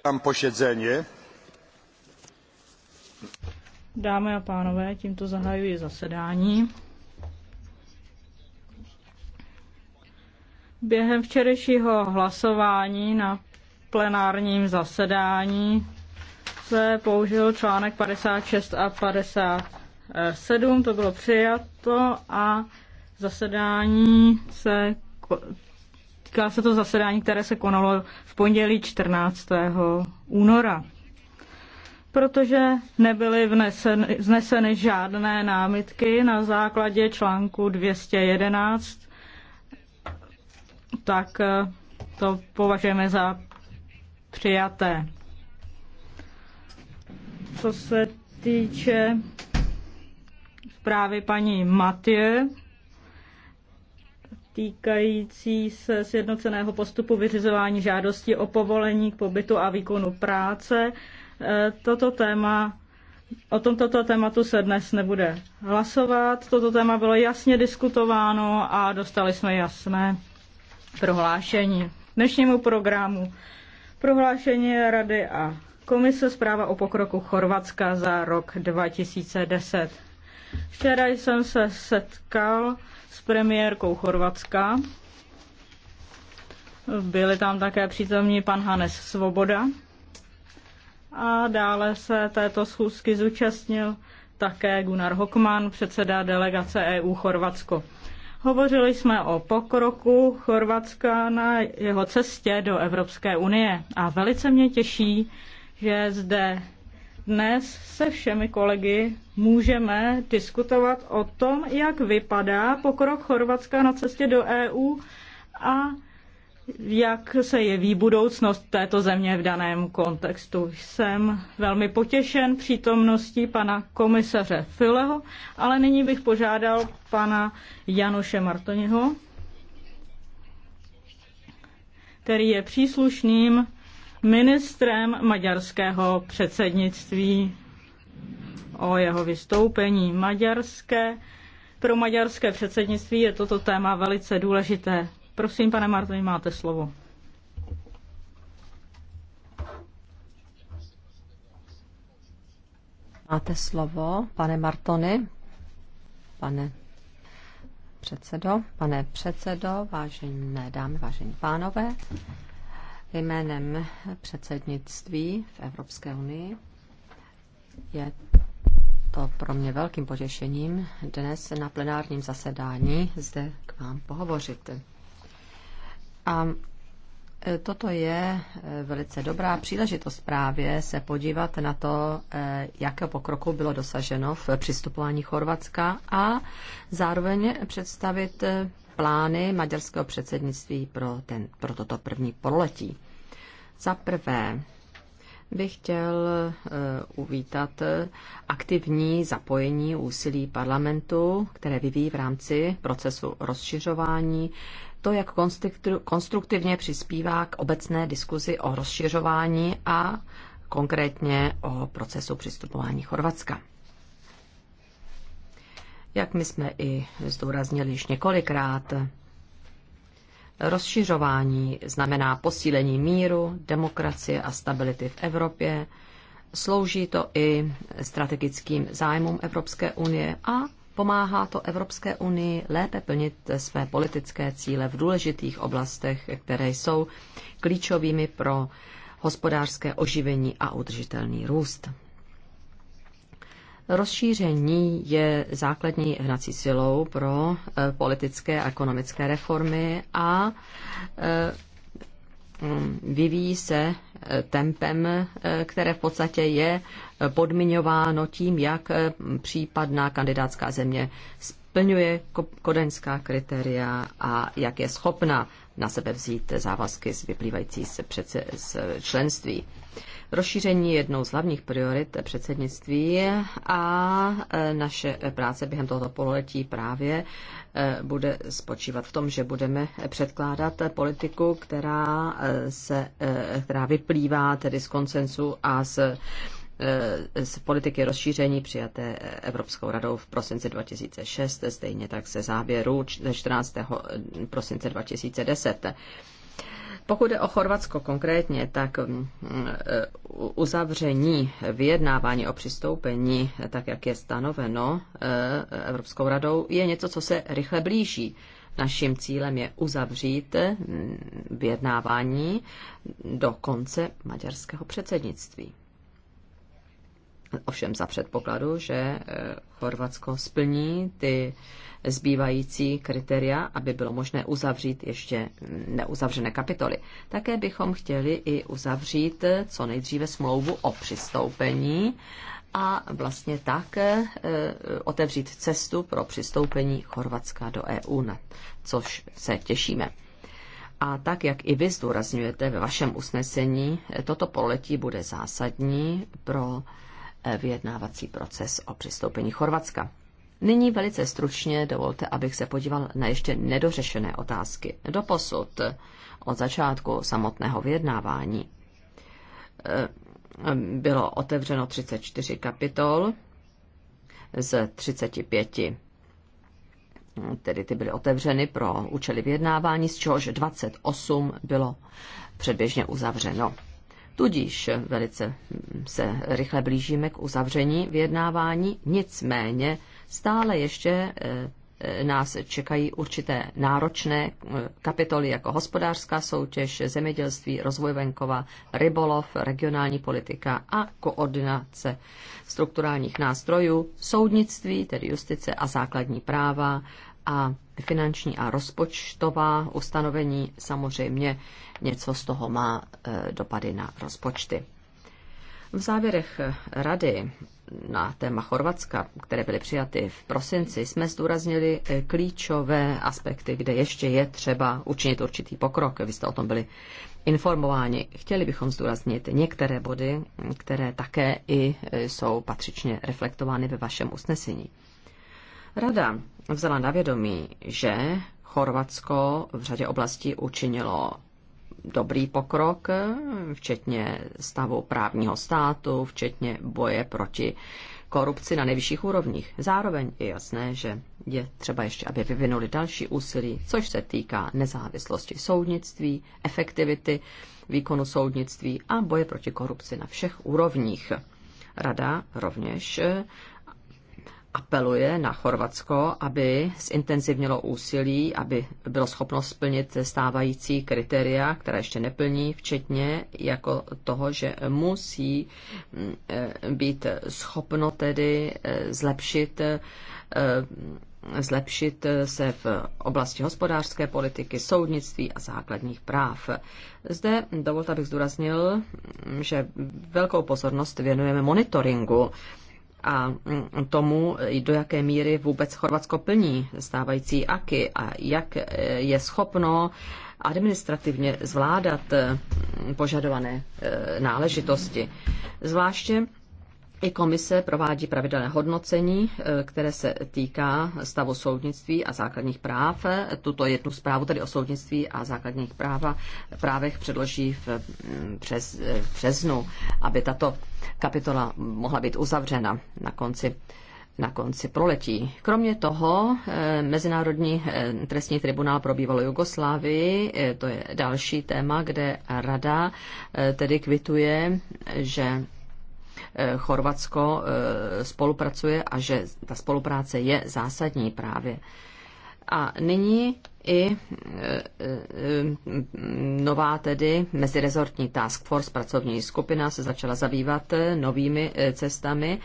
Otevírám posiedzenie. Dámy a pánové, tímto zahajuji zasedání. Během včerejšího hlasování na plenárním zasedání se použil článek 56 a 57, to bylo přijato a zasedání se Týká se to zasedání, které se konalo v pondělí 14. února. Protože nebyly vneseny, vzneseny žádné námitky na základě článku 211, tak eh, to považujeme za přijaté. Co se týče zprávy paní Matěje, týkající se sjednoceného postupu vyřizování žádosti o povolení k pobytu a výkonu práce. E, toto téma, o tomto tématu se dnes nebude hlasovat. Toto téma bylo jasně diskutováno a dostali jsme jasné prohlášení. Dnešnímu programu prohlášení Rady a Komise zpráva o pokroku Chorvatska za rok 2010. Včera jsem se setkal premiérkou Chorvatska. Byli tam také přítomní pan Hanes Svoboda. A dále se této schůzky zúčastnil také Gunnar Hockman, předseda delegace EU Chorvatsko. Hovořili jsme o pokroku Chorvatska na jeho cestě do Evropské unie a velice mě těší, že zde dnes se všemi kolegy můžeme diskutovat o tom, jak vypadá pokrok Chorvatska na cestě do EU a jak se jeví budoucnost této země v daném kontextu. Jsem velmi potěšen přítomností pana komisaře Fileho, ale nyní bych požádal pana Janoše Martoniho, který je příslušným ministrem maďarského předsednictví o jeho vystoupení maďarské. Pro maďarské předsednictví je toto téma velice důležité. Prosím, pane Martin, máte slovo. Máte slovo, pane Martony, pane předsedo, pane předsedo, vážené dámy, vážení pánové jménem předsednictví v Evropské unii. Je to pro mě velkým potěšením dnes na plenárním zasedání zde k vám pohovořit. A e, Toto je e, velice dobrá příležitost právě se podívat na to, e, jakého pokroku bylo dosaženo v přistupování Chorvatska a zároveň představit plány maďarského předsednictví pro, ten, pro toto první pololetí. Za prvé bych chtěl eh, uvítat eh, aktivní zapojení úsilí parlamentu, které vyvíjí v rámci procesu rozšiřování. To, jak konstruktivně přispívá k obecné diskuzi o rozšiřování a konkrétně o procesu přistupování Chorvatska. Jak my jsme i zdůraznili již několikrát, rozšiřování znamená posílení míru, demokracie a stability v Evropě. Slouží to i strategickým zájmům Evropské unie a pomáhá to Evropské unii lépe plnit své politické cíle v důležitých oblastech, které jsou klíčovými pro hospodářské oživení a udržitelný růst. Rozšíření je základní hnací silou pro eh, politické a ekonomické reformy a eh, mm, vyvíjí se eh, tempem, které v podstatě je podmiňováno tím, jak případná kandidátská země splňuje kodenská kritéria a jak je schopna na sebe vzít závazky vyplývající se přece z členství. Rozšíření je jednou z hlavních priorit předsednictví a e, naše práce během tohoto pololetí právě e, bude spočívat v tom, že budeme předkládat politiku, která, e, se, která vyplývá tedy z konsensu a z z politiky rozšíření přijaté Evropskou radou v prosinci 2006, stejně tak se závěru 14. prosince 2010. Pokud je o Chorvatsko konkrétně, tak mm, eh, uzavření vyjednávání o přistoupení, tak jak je stanoveno eh, Evropskou radou, je něco, co se rychle blíží. Naším cílem je uzavřít mm, vyjednávání do konce maďarského předsednictví. Ovšem za předpokladu, že eh, Chorvatsko splní ty zbývající kritéria, aby bylo možné uzavřít ještě neuzavřené kapitoly. Také bychom chtěli i uzavřít co nejdříve smlouvu o přistoupení a vlastně tak eh, otevřít cestu pro přistoupení Chorvatska do EU, na což se těšíme. A tak, jak i vy zdůrazňujete ve vašem usnesení, toto poletí bude zásadní pro eh, vyjednávací proces o přistoupení Chorvatska. Nyní velice stručně dovolte, abych se podíval na ještě nedořešené otázky. Doposud od začátku samotného vyjednávání eh, bylo otevřeno 34 kapitol z 35 tedy ty byly otevřeny pro účely vyjednávání, z čehož 28 bylo předběžně uzavřeno. Tudíž velice se rychle blížíme k uzavření vyjednávání, nicméně stále ještě eh, nás čekají určité náročné eh, kapitoly jako hospodářská soutěž, zemědělství, rozvoj venkova, rybolov, regionální politika a koordinace strukturálních nástrojů, soudnictví, tedy justice a základní práva a finanční a rozpočtová ustanovení. Samozřejmě něco z toho má eh, dopady na rozpočty. V závěrech rady na téma Chorvatska, které byly přijaty v prosinci, jsme zdůraznili eh, klíčové aspekty, kde ještě je třeba učinit určitý pokrok. Vy jste o tom byli informováni. Chtěli bychom zdůraznit některé body, které také i eh, jsou patřičně reflektovány ve vašem usnesení. Rada vzala na vědomí, že Chorvatsko v řadě oblastí učinilo dobrý pokrok, včetně stavu právního státu, včetně boje proti korupci na nejvyšších úrovních. Zároveň je jasné, že je třeba ještě, aby vyvinuli další úsilí, což se týká nezávislosti soudnictví, efektivity výkonu soudnictví a boje proti korupci na všech úrovních. Rada rovněž apeluje na Chorvatsko, aby zintenzivnilo úsilí, aby bylo schopno splnit stávající kritéria, která ještě neplní, včetně jako toho, že musí mm, eh, být schopno tedy eh, zlepšit eh, zlepšit se v oblasti hospodářské politiky, soudnictví a základních práv. Zde dovolte, abych zdůraznil, že velkou pozornost věnujeme monitoringu a mm, tomu, do jaké míry vůbec Chorvatsko plní stávající AKY a jak e, je schopno administrativně zvládat e, požadované e, náležitosti. Zvláště i komise provádí pravidelné hodnocení, eh, které se týká stavu soudnictví a základních práv. Tuto jednu zprávu tedy o soudnictví a základních práva, právech předloží v mm, přes, eh, březnu, aby tato kapitola mohla být uzavřena na konci na konci proletí. Kromě toho eh, Mezinárodní trestní tribunál pro bývalou Jugoslávii, to je další téma, kde rada tedy kvituje, že Eh, Chorvatsko eh, spolupracuje a že ta spolupráce je zásadní právě. A nyní i e, e, nová tedy mezirezortní task force, pracovní skupina, se začala zabývat e, novými cestami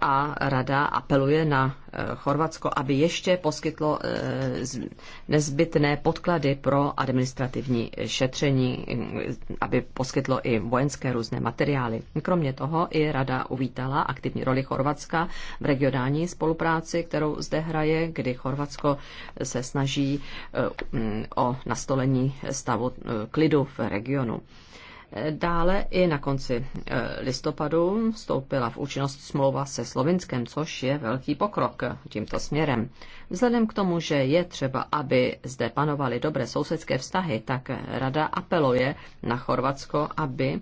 a rada apeluje na Chorvatsko, aby ještě poskytlo nezbytné podklady pro administrativní šetření, aby poskytlo i vojenské různé materiály. Kromě toho i rada uvítala aktivní roli Chorvatska v regionální spolupráci, kterou zde hraje, kdy Chorvatsko se snaží Eh, o nastolení stavu eh, klidu v regionu. Dále i na konci eh, listopadu vstoupila v účinnost smlouva se Slovinskem, což je velký pokrok tímto směrem. Vzhledem k tomu, že je třeba, aby zde panovaly dobré sousedské vztahy, tak rada apeluje na Chorvatsko, aby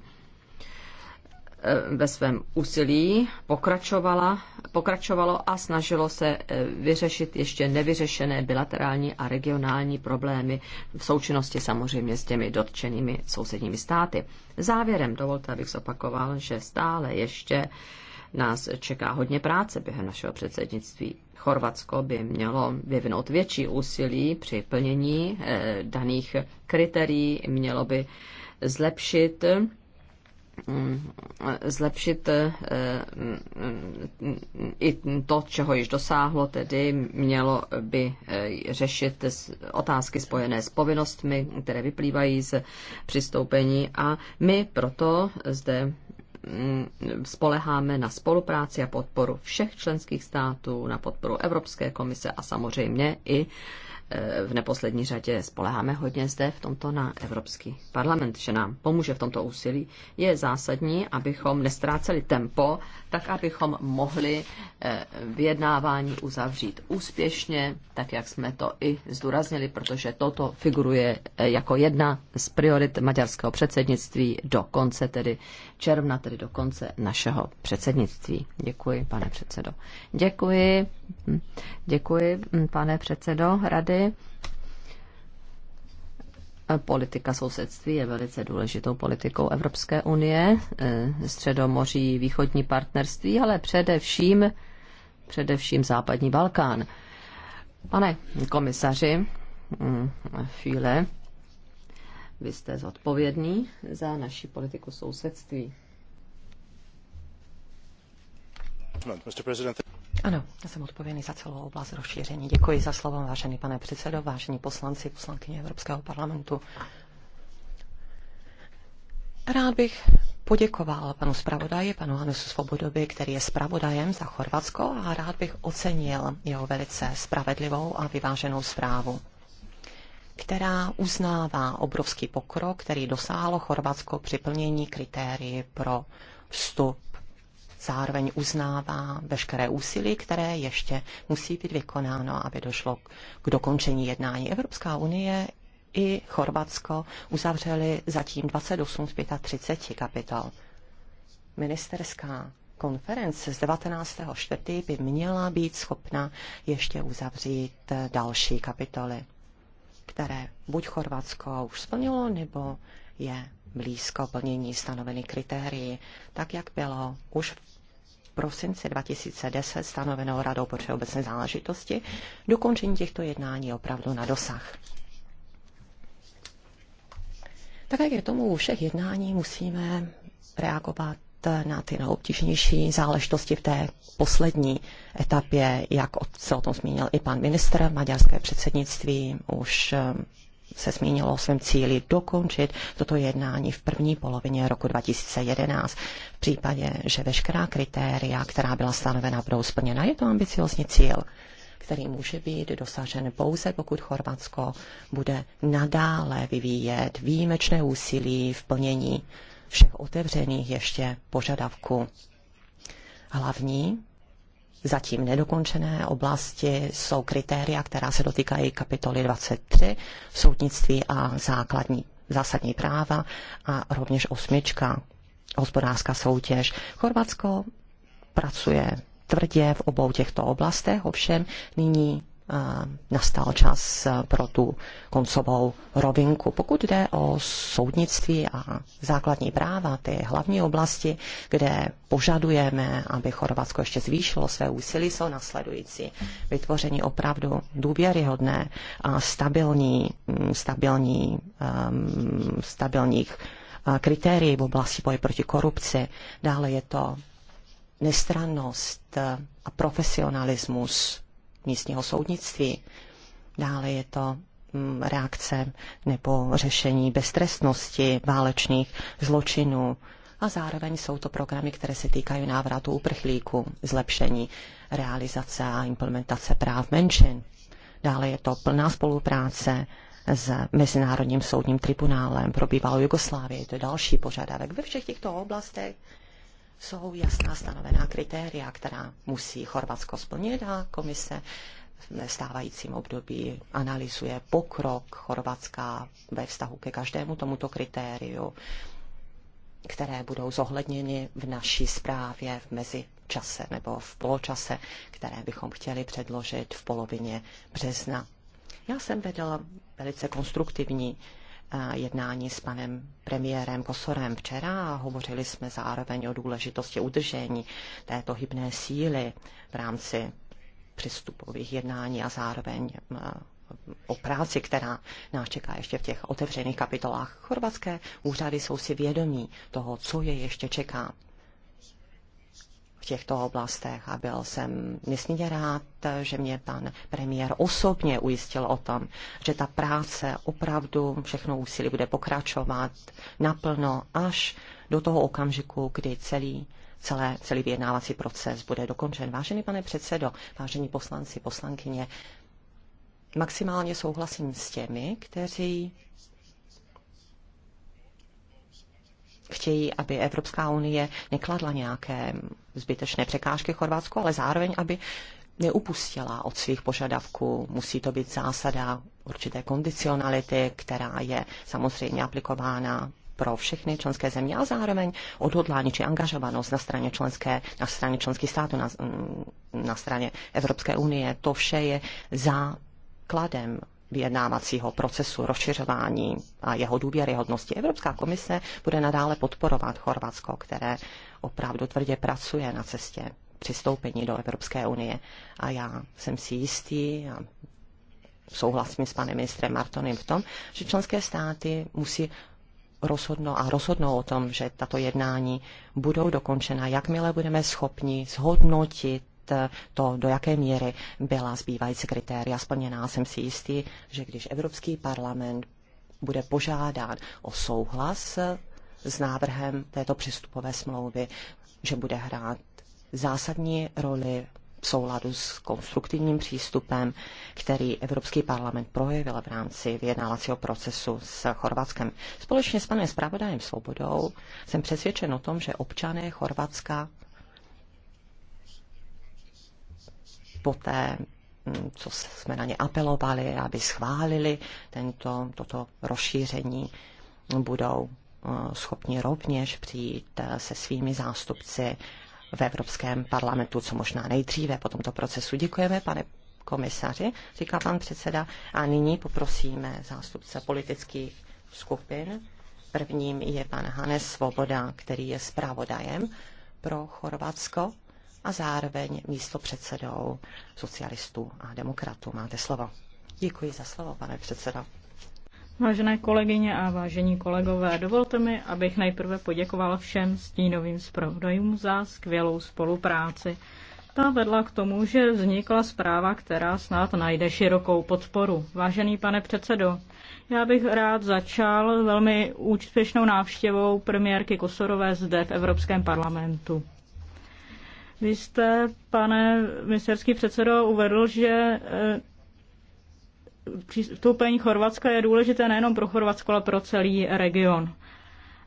Eh, ve svém úsilí pokračovala, pokračovalo a snažilo se eh, vyřešit ještě nevyřešené bilaterální a regionální problémy v součinnosti samozřejmě s těmi dotčenými sousedními státy. Závěrem dovolte, abych zopakoval, že stále ještě nás čeká hodně práce během našeho předsednictví. Chorvatsko by mělo vyvinout větší úsilí při plnění eh, daných kritérií, mělo by zlepšit Eh, zlepšit eh, eh, i to, čeho již dosáhlo, tedy mělo by řešit otázky spojené s povinnostmi, které vyplývají z přistoupení a my proto zde mm, spoleháme na spolupráci a podporu všech členských států, na podporu Evropské komise a samozřejmě i v neposlední řadě spoleháme hodně zde v tomto na Evropský parlament, že nám pomůže v tomto úsilí, je zásadní, abychom nestráceli tempo, tak abychom mohli eh, vyjednávání uzavřít úspěšně, tak jak jsme to i zdůraznili, protože toto figuruje eh, jako jedna z priorit maďarského předsednictví do konce, tedy června, tedy do konce našeho předsednictví. Děkuji, pane předsedo. Děkuji, hm, děkuji, hm, pane předsedo Rady tedy. Politika sousedství je velice důležitou politikou Evropské unie, eh, středomoří, východní partnerství, ale především, především západní Balkán. Pane komisaři chvíle, hm, vy jste zodpovědný za naši politiku sousedství. Ano, já jsem odpovědný za celou oblast rozšíření. Děkuji za slovo, vážený pane předsedo, vážení poslanci, poslankyně Evropského parlamentu. Rád bych poděkoval panu zpravodaji, panu Hanesu Svobodovi, který je zpravodajem za Chorvatsko a rád bych ocenil jeho velice spravedlivou a vyváženou zprávu která uznává obrovský pokrok, který dosáhlo Chorvatsko při plnění kritérií pro vstup zároveň uznává veškeré úsilí, které ještě musí být vykonáno, aby došlo k dokončení jednání. Evropská unie i Chorvatsko uzavřeli zatím 28 z 35 kapitol. Ministerská konference z 19.4. by měla být schopna ještě uzavřít další kapitoly, které buď Chorvatsko už splnilo, nebo je blízko plnění stanovených kritérií, tak jak bylo už v prosinci 2010 stanoveno Radou pro všeobecné záležitosti, dokončení těchto jednání je opravdu na dosah. Tak jak je tomu u všech jednání, musíme reagovat na ty nejobtížnější záležitosti v té poslední etapě, jak se o tom zmínil i pan ministr, maďarské předsednictví už se zmínilo o svém cíli dokončit toto jednání v první polovině roku 2011 v případě, že veškerá kritéria, která byla stanovena, budou splněna. Je to ambiciozní cíl, který může být dosažen pouze, pokud Chorvatsko bude nadále vyvíjet výjimečné úsilí v plnění všech otevřených ještě požadavků. Hlavní zatím nedokončené oblasti jsou kritéria, která se dotýkají kapitoly 23, soudnictví a základní zásadní práva a rovněž osmička, hospodářská soutěž. Chorvatsko pracuje tvrdě v obou těchto oblastech, ovšem nyní Eh, nastal čas eh, pro tu koncovou rovinku. Pokud jde o soudnictví a základní práva, ty hlavní oblasti, kde požadujeme, aby Chorvatsko ještě zvýšilo své úsilí, jsou nasledující. Vytvoření opravdu důvěryhodné a stabilní, mm, stabilní, um, stabilních eh, kritérií v oblasti boje proti korupci. Dále je to nestrannost a profesionalismus místního soudnictví. Dále je to mm, reakce nebo řešení beztrestnosti válečných zločinů. A zároveň jsou to programy, které se týkají návratu uprchlíků, zlepšení realizace a implementace práv menšin. Dále je to plná spolupráce s Mezinárodním soudním tribunálem pro bývalou Jugoslávii. To je další požadavek. Ve všech těchto oblastech jsou jasná stanovená kritéria, která musí Chorvatsko splnit a komise v stávajícím období analyzuje pokrok Chorvatska ve vztahu ke každému tomuto kritériu, které budou zohledněny v naší zprávě v mezičase nebo v poločase, které bychom chtěli předložit v polovině března. Já jsem vedla velice konstruktivní Eh, jednání s panem premiérem Kosorem včera a hovořili jsme zároveň o důležitosti udržení této hybné síly v rámci přístupových jednání a zároveň eh, o práci, která nás čeká ještě v těch otevřených kapitolách. Chorvatské úřady jsou si vědomí toho, co je ještě čeká těchto oblastech a byl jsem nesmírně rád, že mě pan premiér osobně ujistil o tom, že ta práce opravdu všechno úsilí bude pokračovat naplno až do toho okamžiku, kdy celý celé, celý vyjednávací proces bude dokončen. Vážený pane předsedo, vážení poslanci, poslankyně, maximálně souhlasím s těmi, kteří chtějí, aby Evropská unie nekladla nějaké zbytečné překážky Chorvatsku, ale zároveň, aby neupustila od svých požadavků. Musí to být zásada určité kondicionality, která je samozřejmě aplikována pro všechny členské země a zároveň odhodlání či angažovanost na straně, členské, na straně členských států, na, na straně Evropské unie. To vše je základem vyjednávacího procesu rozšiřování a jeho důvěryhodnosti. Evropská komise bude nadále podporovat Chorvatsko, které opravdu tvrdě pracuje na cestě přistoupení do Evropské unie. A já jsem si jistý a souhlasím s panem ministrem Martonem v tom, že členské státy musí rozhodnou a rozhodnou o tom, že tato jednání budou dokončena, jakmile budeme schopni zhodnotit Eh, to, do jaké míry byla zbývající kritéria splněná. Jsem si jistý, že když Evropský parlament bude požádán o souhlas eh, s návrhem této přistupové smlouvy, že bude hrát zásadní roli v souladu s konstruktivním přístupem, který Evropský parlament projevil v rámci vyjednávacího procesu s Chorvatskem. Společně s panem zpravodajem Svobodou jsem přesvědčen o tom, že občané Chorvatska poté, mm, co jsme na ně apelovali, aby schválili tento, toto rozšíření, budou eh, schopni rovněž přijít eh, se svými zástupci v Evropském parlamentu, co možná nejdříve po tomto procesu. Děkujeme, pane komisaři, říká pan předseda. A nyní poprosíme zástupce politických skupin. Prvním je pan Hanes Svoboda, který je zpravodajem pro Chorvatsko a zároveň místo předsedou socialistů a demokratů. Máte slovo. Děkuji za slovo, pane předsedo. Vážené kolegyně a vážení kolegové, dovolte mi, abych nejprve poděkoval všem stínovým zpravodajům za skvělou spolupráci. Ta vedla k tomu, že vznikla zpráva, která snad najde širokou podporu. Vážený pane předsedo, já bych rád začal velmi úspěšnou návštěvou premiérky Kosorové zde v Evropském parlamentu. Vy jste, pane ministerský předsedo, uvedl, že eh, přistoupení Chorvatska je důležité nejenom pro Chorvatsko, ale pro celý region.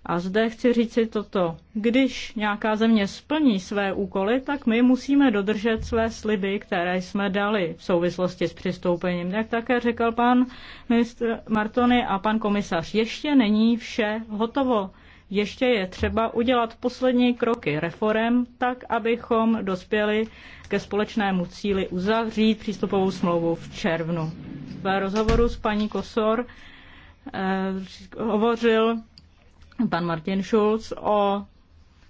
A zde chci říci toto. Když nějaká země splní své úkoly, tak my musíme dodržet své sliby, které jsme dali v souvislosti s přistoupením. Jak také řekl pan ministr Martony a pan komisař, ještě není vše hotovo. Ještě je třeba udělat poslední kroky reform, tak abychom dospěli ke společnému cíli uzavřít přístupovou smlouvu v červnu. V rozhovoru s paní Kosor eh, hovořil pan Martin Schulz o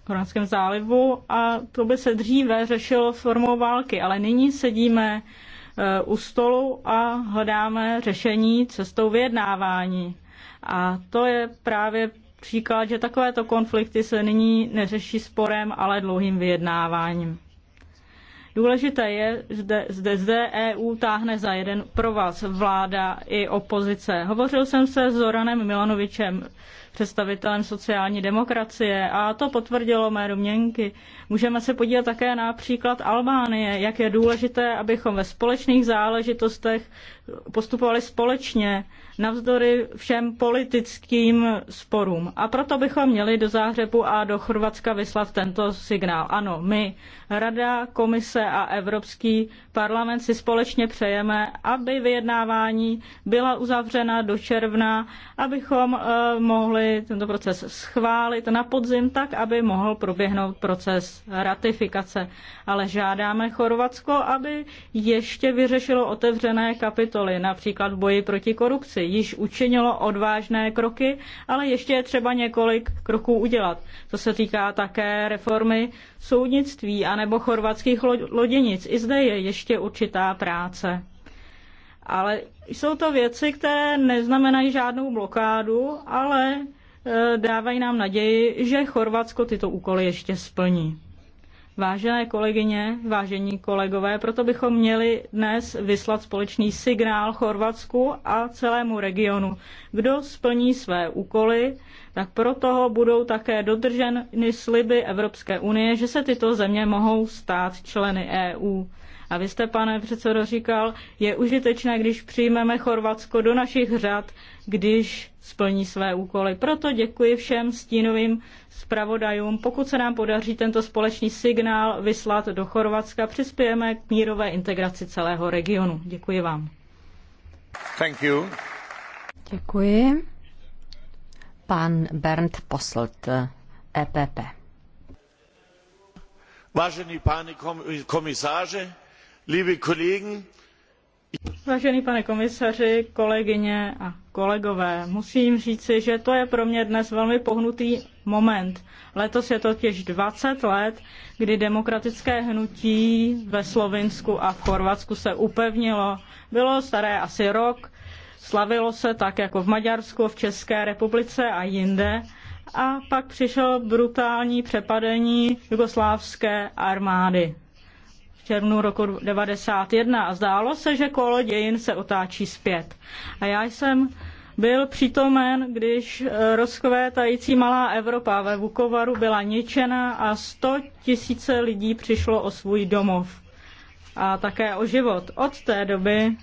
Koranském zálivu a to by se dříve řešilo formou války, ale nyní sedíme eh, u stolu a hledáme řešení cestou vyjednávání. A to je právě příklad, že takovéto konflikty se nyní neřeší sporem, ale dlouhým vyjednáváním. Důležité je, zde, zde, zde EU táhne za jeden pro vás vláda i opozice. Hovořil jsem se s Zoranem Milanovičem představitelem sociální demokracie a to potvrdilo mé domněnky. Můžeme se podívat také na příklad Albánie, jak je důležité, abychom ve společných záležitostech postupovali společně navzdory všem politickým sporům. A proto bychom měli do Záhřebu a do Chorvatska vyslat tento signál. Ano, my, Rada, Komise a Evropský parlament si společně přejeme, aby vyjednávání byla uzavřena do června, abychom eh, mohli tento proces schválit na podzim tak, aby mohl proběhnout proces ratifikace. Ale žádáme Chorvatsko, aby ještě vyřešilo otevřené kapitoly, například boji proti korupci. Již učinilo odvážné kroky, ale ještě je třeba několik kroků udělat. To se týká také reformy soudnictví anebo chorvatských loděnic. I zde je ještě určitá práce. Ale jsou to věci, které neznamenají žádnou blokádu, ale Eh, dávají nám naději, že Chorvatsko tyto úkoly ještě splní. Vážené kolegyně, vážení kolegové, proto bychom měli dnes vyslat společný signál Chorvatsku a celému regionu. Kdo splní své úkoly, tak pro toho budou také dodrženy sliby Evropské unie, že se tyto země mohou stát členy EU. A vy jste, pane předsedo, říkal, je užitečné, když přijmeme Chorvatsko do našich řad, když splní své úkoly. Proto děkuji všem stínovým zpravodajům. Pokud se nám podaří tento společný signál vyslat do Chorvatska, přispějeme k mírové integraci celého regionu. Děkuji vám. Thank you. Děkuji. Pan Bernd Poslt, EPP Vážení pane komisáře. Vážený pane komisaři, kolegyně a kolegové, musím říci, že to je pro mě dnes velmi pohnutý moment. Letos je to těž 20 let, kdy demokratické hnutí ve Slovinsku a v Chorvatsku se upevnilo. Bylo staré asi rok, slavilo se tak jako v Maďarsku, v České republice a jinde. A pak přišlo brutální přepadení jugoslávské armády červnu roku 1991 a zdálo se, že kolo dějin se otáčí zpět. A já jsem byl přítomen, když eh, rozkvétající malá Evropa ve Vukovaru byla ničena a 100 tisíce lidí přišlo o svůj domov a také o život. Od té doby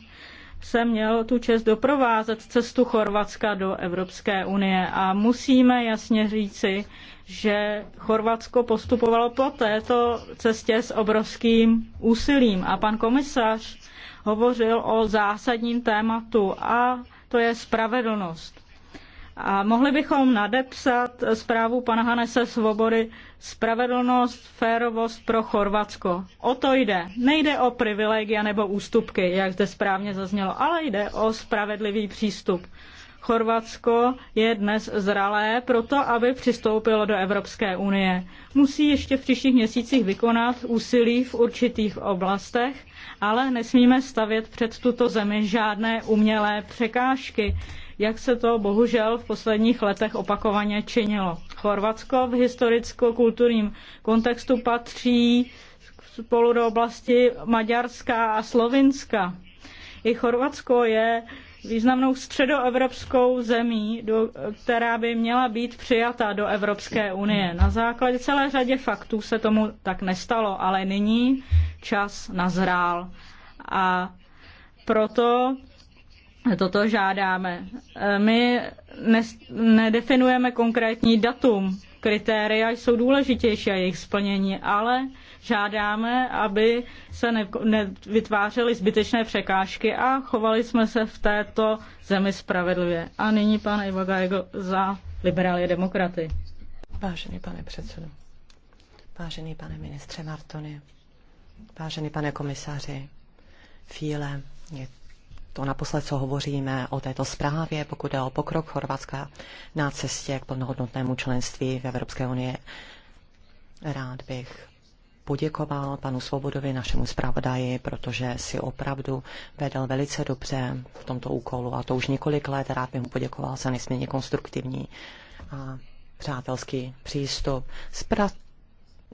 jsem měl tu čest doprovázet cestu Chorvatska do Evropské unie a musíme jasně říci, že Chorvatsko postupovalo po této cestě s obrovským úsilím. A pan komisař hovořil o zásadním tématu a to je spravedlnost. A mohli bychom nadepsat zprávu pana Hanese Svobody Spravedlnost, férovost pro Chorvatsko. O to jde. Nejde o privilegia nebo ústupky, jak zde správně zaznělo, ale jde o spravedlivý přístup. Chorvatsko je dnes zralé proto, aby přistoupilo do Evropské unie. Musí ještě v příštích měsících vykonat úsilí v určitých oblastech, ale nesmíme stavět před tuto zemi žádné umělé překážky, jak se to bohužel v posledních letech opakovaně činilo. Chorvatsko v historicko-kulturním kontextu patří spolu do oblasti Maďarska a Slovinska. I Chorvatsko je významnou středoevropskou zemí, do, která by měla být přijata do Evropské unie. Na základě celé řadě faktů se tomu tak nestalo, ale nyní čas nazrál. A proto toto žádáme. My nedefinujeme konkrétní datum, kritéria jsou důležitější a jejich splnění, ale žádáme, aby se nevytvářely zbytečné překážky a chovali jsme se v této zemi spravedlivě. A nyní pan Ivo Gajgo za liberály demokraty. Vážený pane předsedo, vážený pane ministře Martony, vážený pane komisaři, Fíle, je to naposled, co hovoříme o této zprávě, pokud je o pokrok Chorvatska na cestě k plnohodnotnému členství v Evropské unii. Rád bych poděkoval panu Svobodovi, našemu zpravodaji, protože si opravdu vedl velice dobře v tomto úkolu a to už několik let. Rád bych mu poděkoval za nesmírně konstruktivní a přátelský přístup. Spra-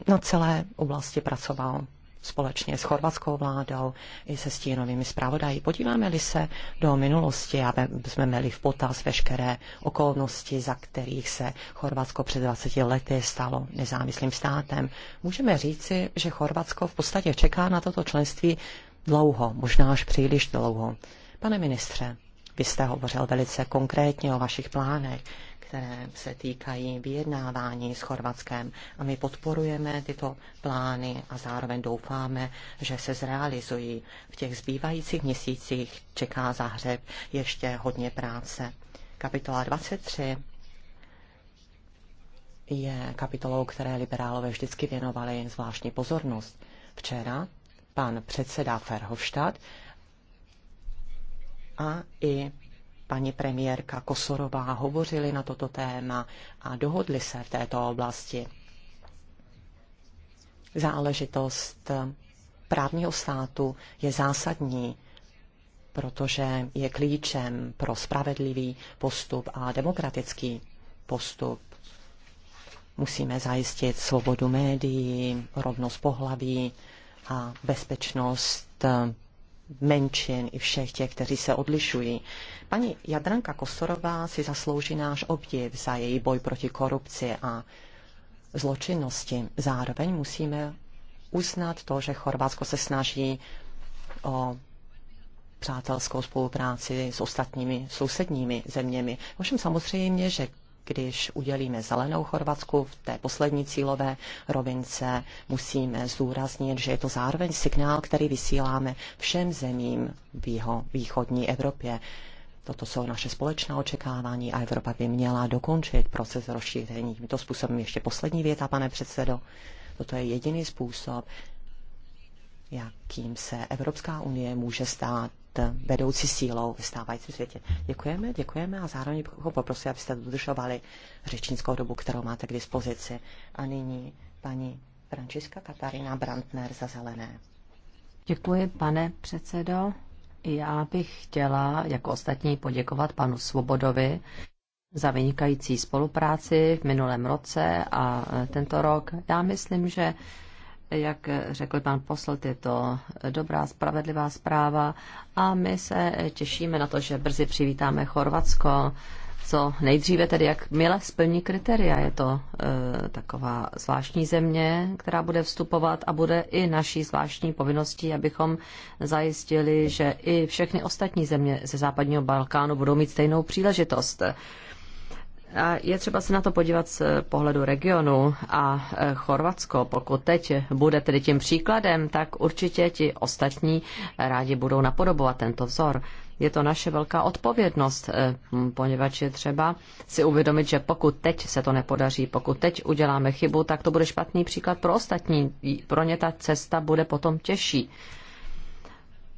na celé oblasti pracoval společně s chorvatskou vládou i se stínovými zpravodají. Podíváme-li se do minulosti a vezmeme-li v potaz veškeré okolnosti, za kterých se Chorvatsko před 20 lety stalo nezávislým státem, můžeme říci, že Chorvatsko v podstatě čeká na toto členství dlouho, možná až příliš dlouho. Pane ministře, vy jste hovořil velice konkrétně o vašich plánech které se týkají vyjednávání s Chorvatskem. A my podporujeme tyto plány a zároveň doufáme, že se zrealizují. V těch zbývajících měsících čeká Zahřeb ještě hodně práce. Kapitola 23 je kapitolou, které liberálové vždycky věnovali zvláštní pozornost. Včera pan předseda Ferhofstadt a i paní premiérka Kosorová hovořili na toto téma a dohodli se v této oblasti. Záležitost právního státu je zásadní, protože je klíčem pro spravedlivý postup a demokratický postup. Musíme zajistit svobodu médií, rovnost pohlaví a bezpečnost menšin i všech těch, kteří se odlišují. Paní Jadranka Kosorová si zaslouží náš obdiv za její boj proti korupci a zločinnosti. Zároveň musíme uznat to, že Chorvatsko se snaží o přátelskou spolupráci s ostatními sousedními zeměmi. Ovšem samozřejmě, že když udělíme zelenou Chorvatsku v té poslední cílové rovince, musíme zdůraznit, že je to zároveň signál, který vysíláme všem zemím v jeho východní Evropě. Toto jsou naše společná očekávání a Evropa by měla dokončit proces rozšíření. To způsobem ještě poslední věta, pane předsedo. Toto je jediný způsob, jakým se Evropská unie může stát vedoucí sílou ve stávajícím světě. Děkujeme, děkujeme a zároveň bych poprosil, abyste dodržovali řečnickou dobu, kterou máte k dispozici. A nyní paní Frančiska Katarina Brandner za zelené. Děkuji, pane předsedo. Já bych chtěla jako ostatní poděkovat panu Svobodovi za vynikající spolupráci v minulém roce a tento rok. Já myslím, že jak řekl pan posl, je to dobrá, spravedlivá zpráva a my se těšíme na to, že brzy přivítáme Chorvatsko, co nejdříve tedy, jak mile splní kritéria. Je to e, taková zvláštní země, která bude vstupovat a bude i naší zvláštní povinností, abychom zajistili, že i všechny ostatní země ze západního Balkánu budou mít stejnou příležitost je třeba se na to podívat z pohledu regionu a e, Chorvatsko, pokud teď bude tedy tím příkladem, tak určitě ti ostatní rádi budou napodobovat tento vzor. Je to naše velká odpovědnost, e, poněvadž je třeba si uvědomit, že pokud teď se to nepodaří, pokud teď uděláme chybu, tak to bude špatný příklad pro ostatní. Pro ně ta cesta bude potom těžší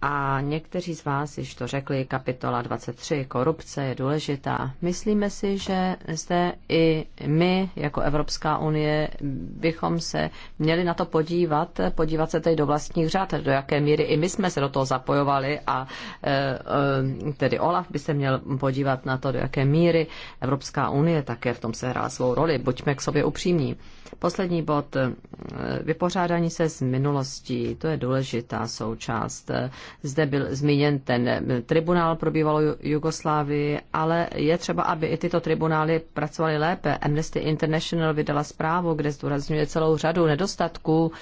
a někteří z vás již to řekli, kapitola 23, korupce je důležitá. Myslíme si, že zde i my jako Evropská unie bychom se měli na to podívat, podívat se tady do vlastních řád, do jaké míry i my jsme se do toho zapojovali a e, e, tedy Olaf by se měl podívat na to, do jaké míry Evropská unie také v tom hrá svou roli. Buďme k sobě upřímní. Poslední bod, e, vypořádání se s minulostí, to je důležitá součást zde byl zmíněn ten eh, tribunál pro bývalou Jugoslávii, ale je třeba, aby i tyto tribunály pracovaly lépe. Amnesty International vydala zprávu, kde zdůrazňuje celou řadu nedostatků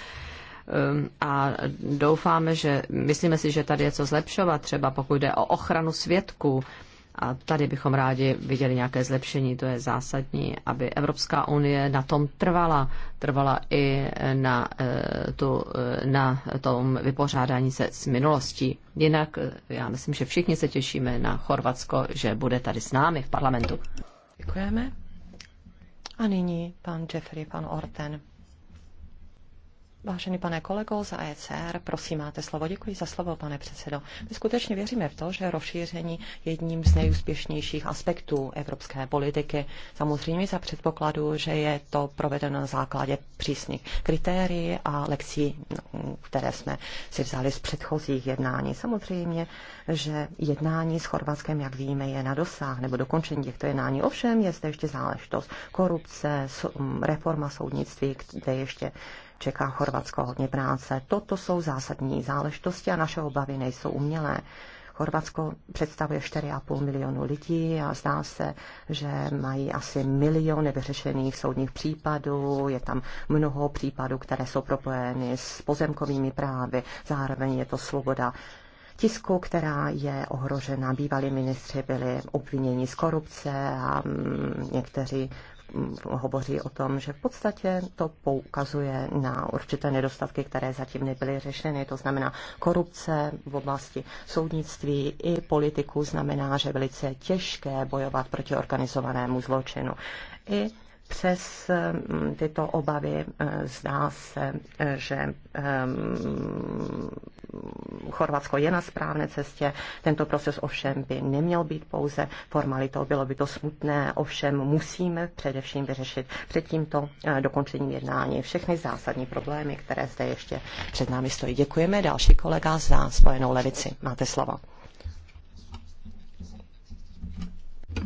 ehm, a doufáme, že myslíme si, že tady je co zlepšovat, třeba pokud jde o ochranu svědků a tady bychom rádi viděli nějaké zlepšení, to je zásadní, aby Evropská unie na tom trvala, trvala i na, eh, tu, eh, na tom vypořádání se s minulostí. Jinak eh, já myslím, že všichni se těšíme na Chorvatsko, že bude tady s námi v parlamentu. Děkujeme. A nyní pan Jeffrey, pan Orten. Vážený pane kolego za ECR, prosím, máte slovo. Děkuji za slovo, pane předsedo. My skutečně věříme v to, že rozšíření je jedním z nejúspěšnějších aspektů evropské politiky. Samozřejmě za předpokladu, že je to provedeno na základě přísných kritérií a lekcí, které jsme si vzali z předchozích jednání. Samozřejmě, že jednání s Chorvatskem, jak víme, je na dosah nebo dokončení těchto jednání. Ovšem je zde ještě záležitost korupce, reforma soudnictví, kde ještě čeká Chorvatsko hodně práce. Toto jsou zásadní záležitosti a naše obavy nejsou umělé. Chorvatsko představuje 4,5 milionu lidí a zdá se, že mají asi milion nevyřešených soudních případů. Je tam mnoho případů, které jsou propojeny s pozemkovými právy. Zároveň je to svoboda tisku, která je ohrožena. Bývalí ministři byli obviněni z korupce a mm, někteří hovoří o tom, že v podstatě to poukazuje na určité nedostatky, které zatím nebyly řešeny. To znamená korupce v oblasti soudnictví i politiku znamená, že je velice těžké bojovat proti organizovanému zločinu. I přes mm, tyto obavy eh, zdá se, eh, že ehm, Chorvatsko je na správné cestě. Tento proces ovšem by neměl být pouze formalitou, bylo by to smutné, ovšem musíme především vyřešit před tímto eh, dokončením jednání všechny zásadní problémy, které zde ještě před námi stojí. Děkujeme. Další kolega za Spojenou levici. Máte slovo.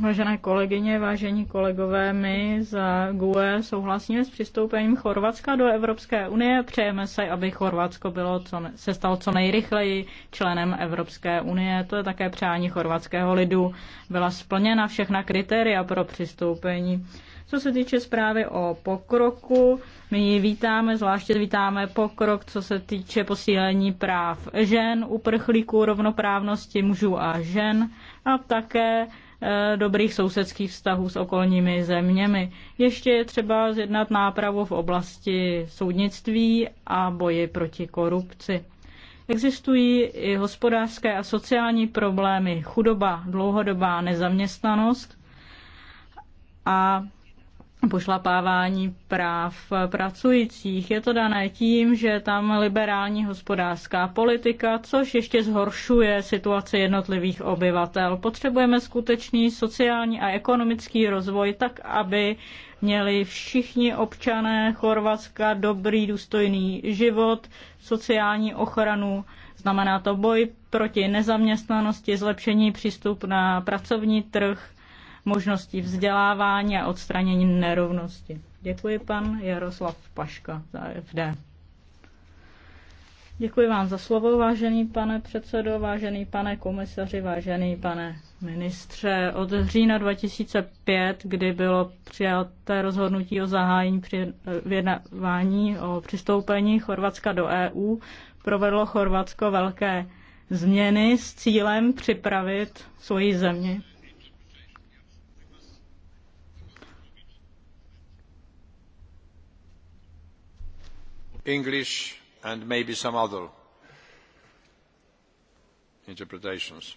Vážené kolegyně, vážení kolegové, my za GUE souhlasíme s přistoupením Chorvatska do Evropské unie. Přejeme se, aby Chorvatsko bylo co, se stalo co nejrychleji členem Evropské unie. To je také přání chorvatského lidu. Byla splněna všechna kritéria pro přistoupení. Co se týče zprávy o pokroku, my ji vítáme, zvláště vítáme pokrok, co se týče posílení práv žen, uprchlíků, rovnoprávnosti mužů a žen a také Eh, dobrých sousedských vztahů s okolními zeměmi. Ještě je třeba zjednat nápravu v oblasti soudnictví a boji proti korupci. Existují i hospodářské a sociální problémy, chudoba, dlouhodobá nezaměstnanost a pošlapávání práv pracujících. Je to dané tím, že tam liberální hospodářská politika, což ještě zhoršuje situaci jednotlivých obyvatel. Potřebujeme skutečný sociální a ekonomický rozvoj tak, aby měli všichni občané Chorvatska dobrý, důstojný život, sociální ochranu, znamená to boj proti nezaměstnanosti, zlepšení přístup na pracovní trh, možností vzdělávání a odstranění nerovnosti. Děkuji pan Jaroslav Paška za FD. Děkuji vám za slovo, vážený pane předsedo, vážený pane komisaři, vážený pane ministře. Od října 2005, kdy bylo přijaté rozhodnutí o zahájení vyjednávání o přistoupení Chorvatska do EU, provedlo Chorvatsko velké změny s cílem připravit svoji zemi English and maybe some other interpretations.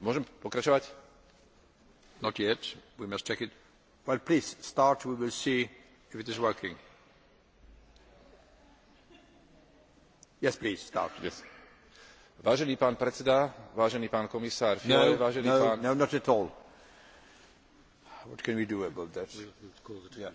Můžeme pokračovat? Not yet. We must check it. Well, please start. We will see if it is working. Yes, please start. Yes. Vážený pán predseda, vážený pán komisár Fiole, no, vážený no, pán... No, not at all. What can we do about that? We'll, we'll call the yeah.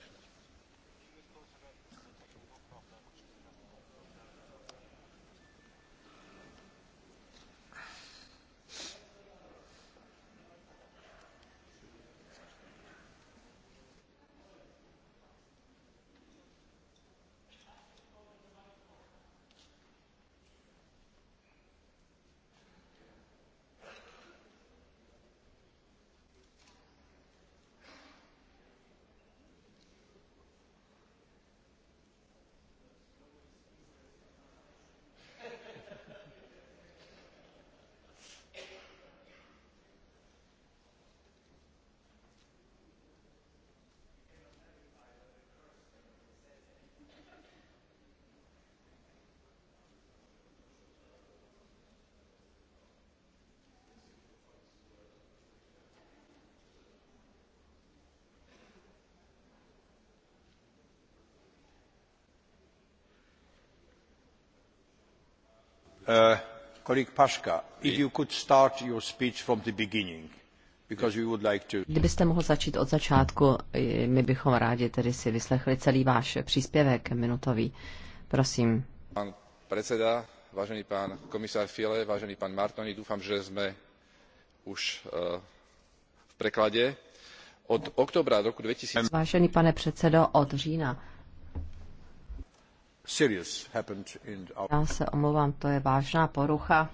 Uh, kolik Kdybyste mohl začít od začátku, my bychom rádi tedy si vyslechli celý váš příspěvek minutový. Prosím. Pan predseda, vážený pán komisár Fiele, vážený pán Martoni, doufám, že jsme už eh, v preklade. Od oktobra roku 2000... Vážený pane předsedo, od října já se omlouvám, to je vážná porucha,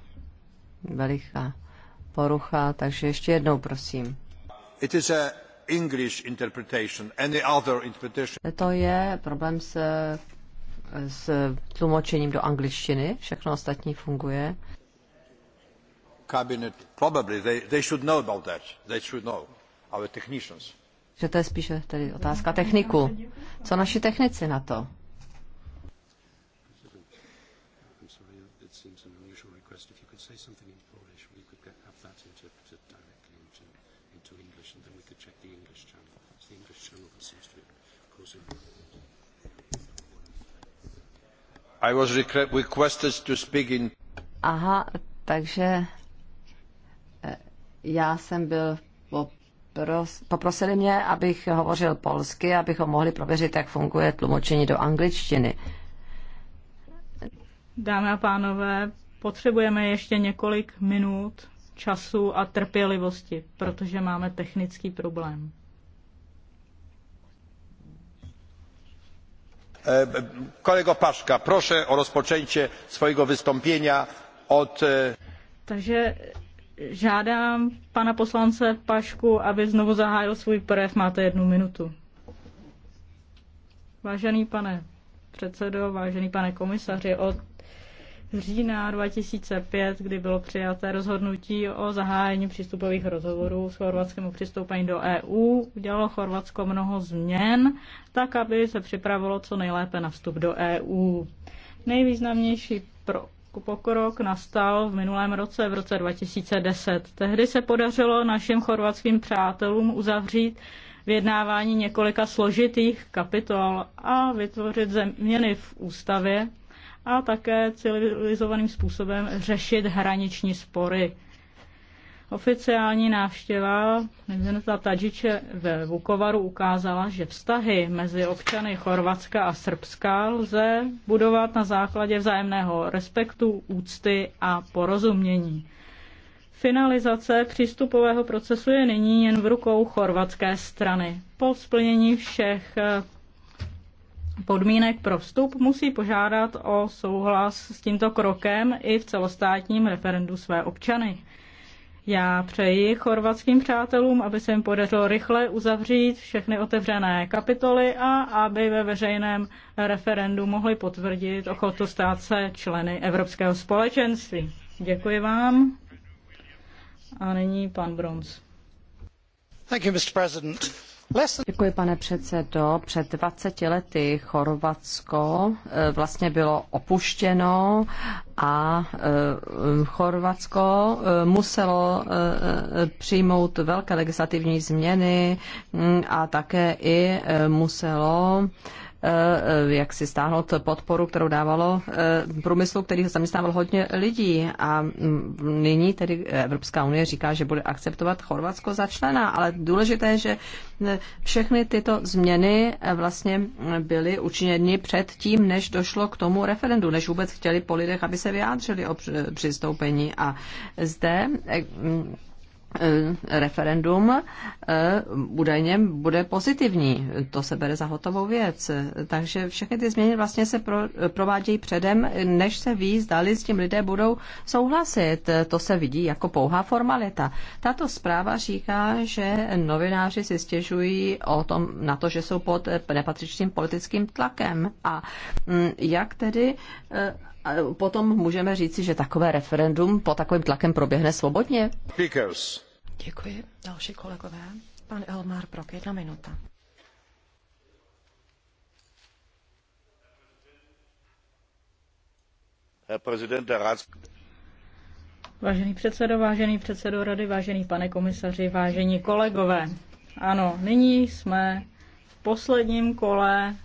veliká porucha, takže ještě jednou prosím. It is a English interpretation, any other interpretation. To je problém s, s tlumočením do angličtiny, všechno ostatní funguje. Cabinet, probably, they, they should know about that, they should know, our technicians. Že to je spíše tedy otázka techniku. Co naši technici na to? I was requested to speak in... Aha, takže eh, já jsem byl popros, poprosili mě, abych hovořil polsky, abychom mohli prověřit, jak funguje tlumočení do angličtiny. Dámy a pánové, potřebujeme ještě několik minut času a trpělivosti, protože máme technický problém. E, kolego Paška, proszę o rozpoczęcie swojego wystąpienia od... E, Takže žádám pana poslance Pašku, aby znovu zahájil svůj projev. Máte jednu minutu. Vážený pane předsedo, vážený pane komisaři, od října 2005, kdy bylo přijaté rozhodnutí o zahájení přístupových rozhovorů s chorvatskému přistoupení do EU. Udělalo Chorvatsko mnoho změn, tak aby se připravilo co nejlépe na vstup do EU. Nejvýznamnější pro pokrok nastal v minulém roce, v roce 2010. Tehdy se podařilo našim chorvatským přátelům uzavřít vyjednávání několika složitých kapitol a vytvořit změny v ústavě, a také civilizovaným způsobem řešit hraniční spory. Oficiální návštěva prezidenta Tadžiče ve Vukovaru ukázala, že vztahy mezi občany Chorvatska a Srbska lze budovat na základě vzájemného respektu, úcty a porozumění. Finalizace přístupového procesu je nyní jen v rukou chorvatské strany. Po splnění všech podmínek pro vstup, musí požádat o souhlas s tímto krokem i v celostátním referendu své občany. Já přeji chorvatským přátelům, aby se jim podařilo rychle uzavřít všechny otevřené kapitoly a aby ve veřejném referendu mohli potvrdit ochotu stát se členy Evropského společenství. Děkuji vám. A nyní pan Bronz. Thank you, Mr. President. Děkuji, pane předsedo. Před 20 lety Chorvatsko e, vlastně bylo opuštěno a e, Chorvatsko e, muselo přijmout velké legislativní změny a také i muselo Eh, jak si stáhnout podporu, kterou dávalo eh, průmyslu, který zaměstnával hodně lidí. A mm, nyní tedy Evropská unie říká, že bude akceptovat Chorvatsko za člena, ale důležité je, že eh, všechny tyto změny vlastně byly učiněny před tím, než došlo k tomu referendu, než vůbec chtěli po lidech, aby se vyjádřili o přistoupení. A zde Eh, referendum eh, údajně bude pozitivní. To se bere za hotovou věc. Takže všechny ty změny vlastně se pro, provádějí předem, než se ví, zdali s tím lidé budou souhlasit. To se vidí jako pouhá formalita. Tato zpráva říká, že novináři si stěžují o tom, na to, že jsou pod nepatřičným politickým tlakem. A mm, jak tedy eh, potom můžeme říci, že takové referendum po takovým tlakem proběhne svobodně? Speakers. Děkuji. Další kolegové. Pan Elmar Brok, jedna minuta. Vážený předsedo, vážený předsedo rady, vážený pane komisaři, vážení kolegové. Ano, nyní jsme v posledním kole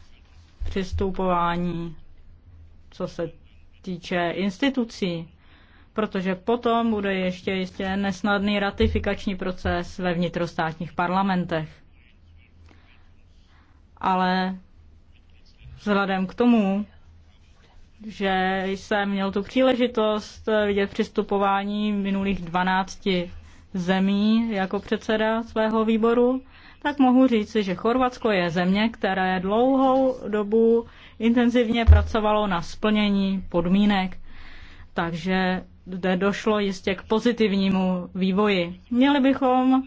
přistupování. co se týče institucí, protože potom bude ještě jistě nesnadný ratifikační proces ve vnitrostátních parlamentech. Ale vzhledem k tomu, že jsem měl tu příležitost vidět přistupování minulých 12 zemí jako předseda svého výboru, tak mohu říci, že Chorvatsko je země, které dlouhou dobu intenzivně pracovalo na splnění podmínek. Takže zde došlo jistě k pozitivnímu vývoji. Měli bychom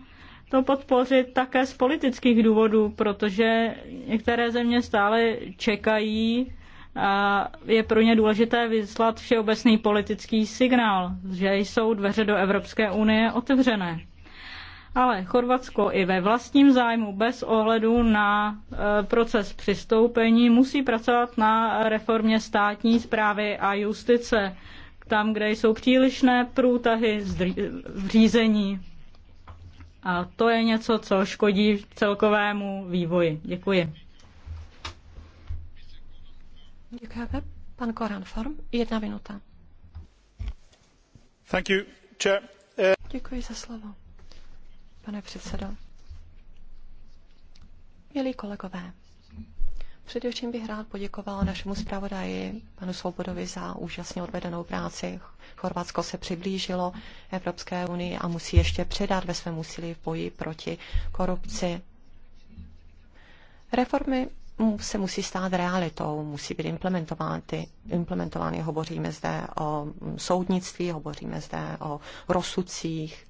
to podpořit také z politických důvodů, protože některé země stále čekají a je pro ně důležité vyslat všeobecný politický signál, že jsou dveře do Evropské unie otevřené ale Chorvatsko i ve vlastním zájmu bez ohledu na e, proces přistoupení musí pracovat na reformě státní zprávy a justice, tam, kde jsou přílišné průtahy v řízení. A to je něco, co škodí celkovému vývoji. Děkuji. Děkujeme. Pan Koran Form, jedna minuta. Thank you, Děkuji za slovo pane předsedo. Milí kolegové, především bych rád poděkoval našemu zpravodaji, panu Svobodovi, za úžasně odvedenou práci. Chorvatsko se přiblížilo Evropské unii a musí ještě předat ve svém úsilí v boji proti korupci. Reformy se musí stát realitou, musí být implementovány. implementovány. Hovoříme zde o soudnictví, hovoříme zde o rozsudcích,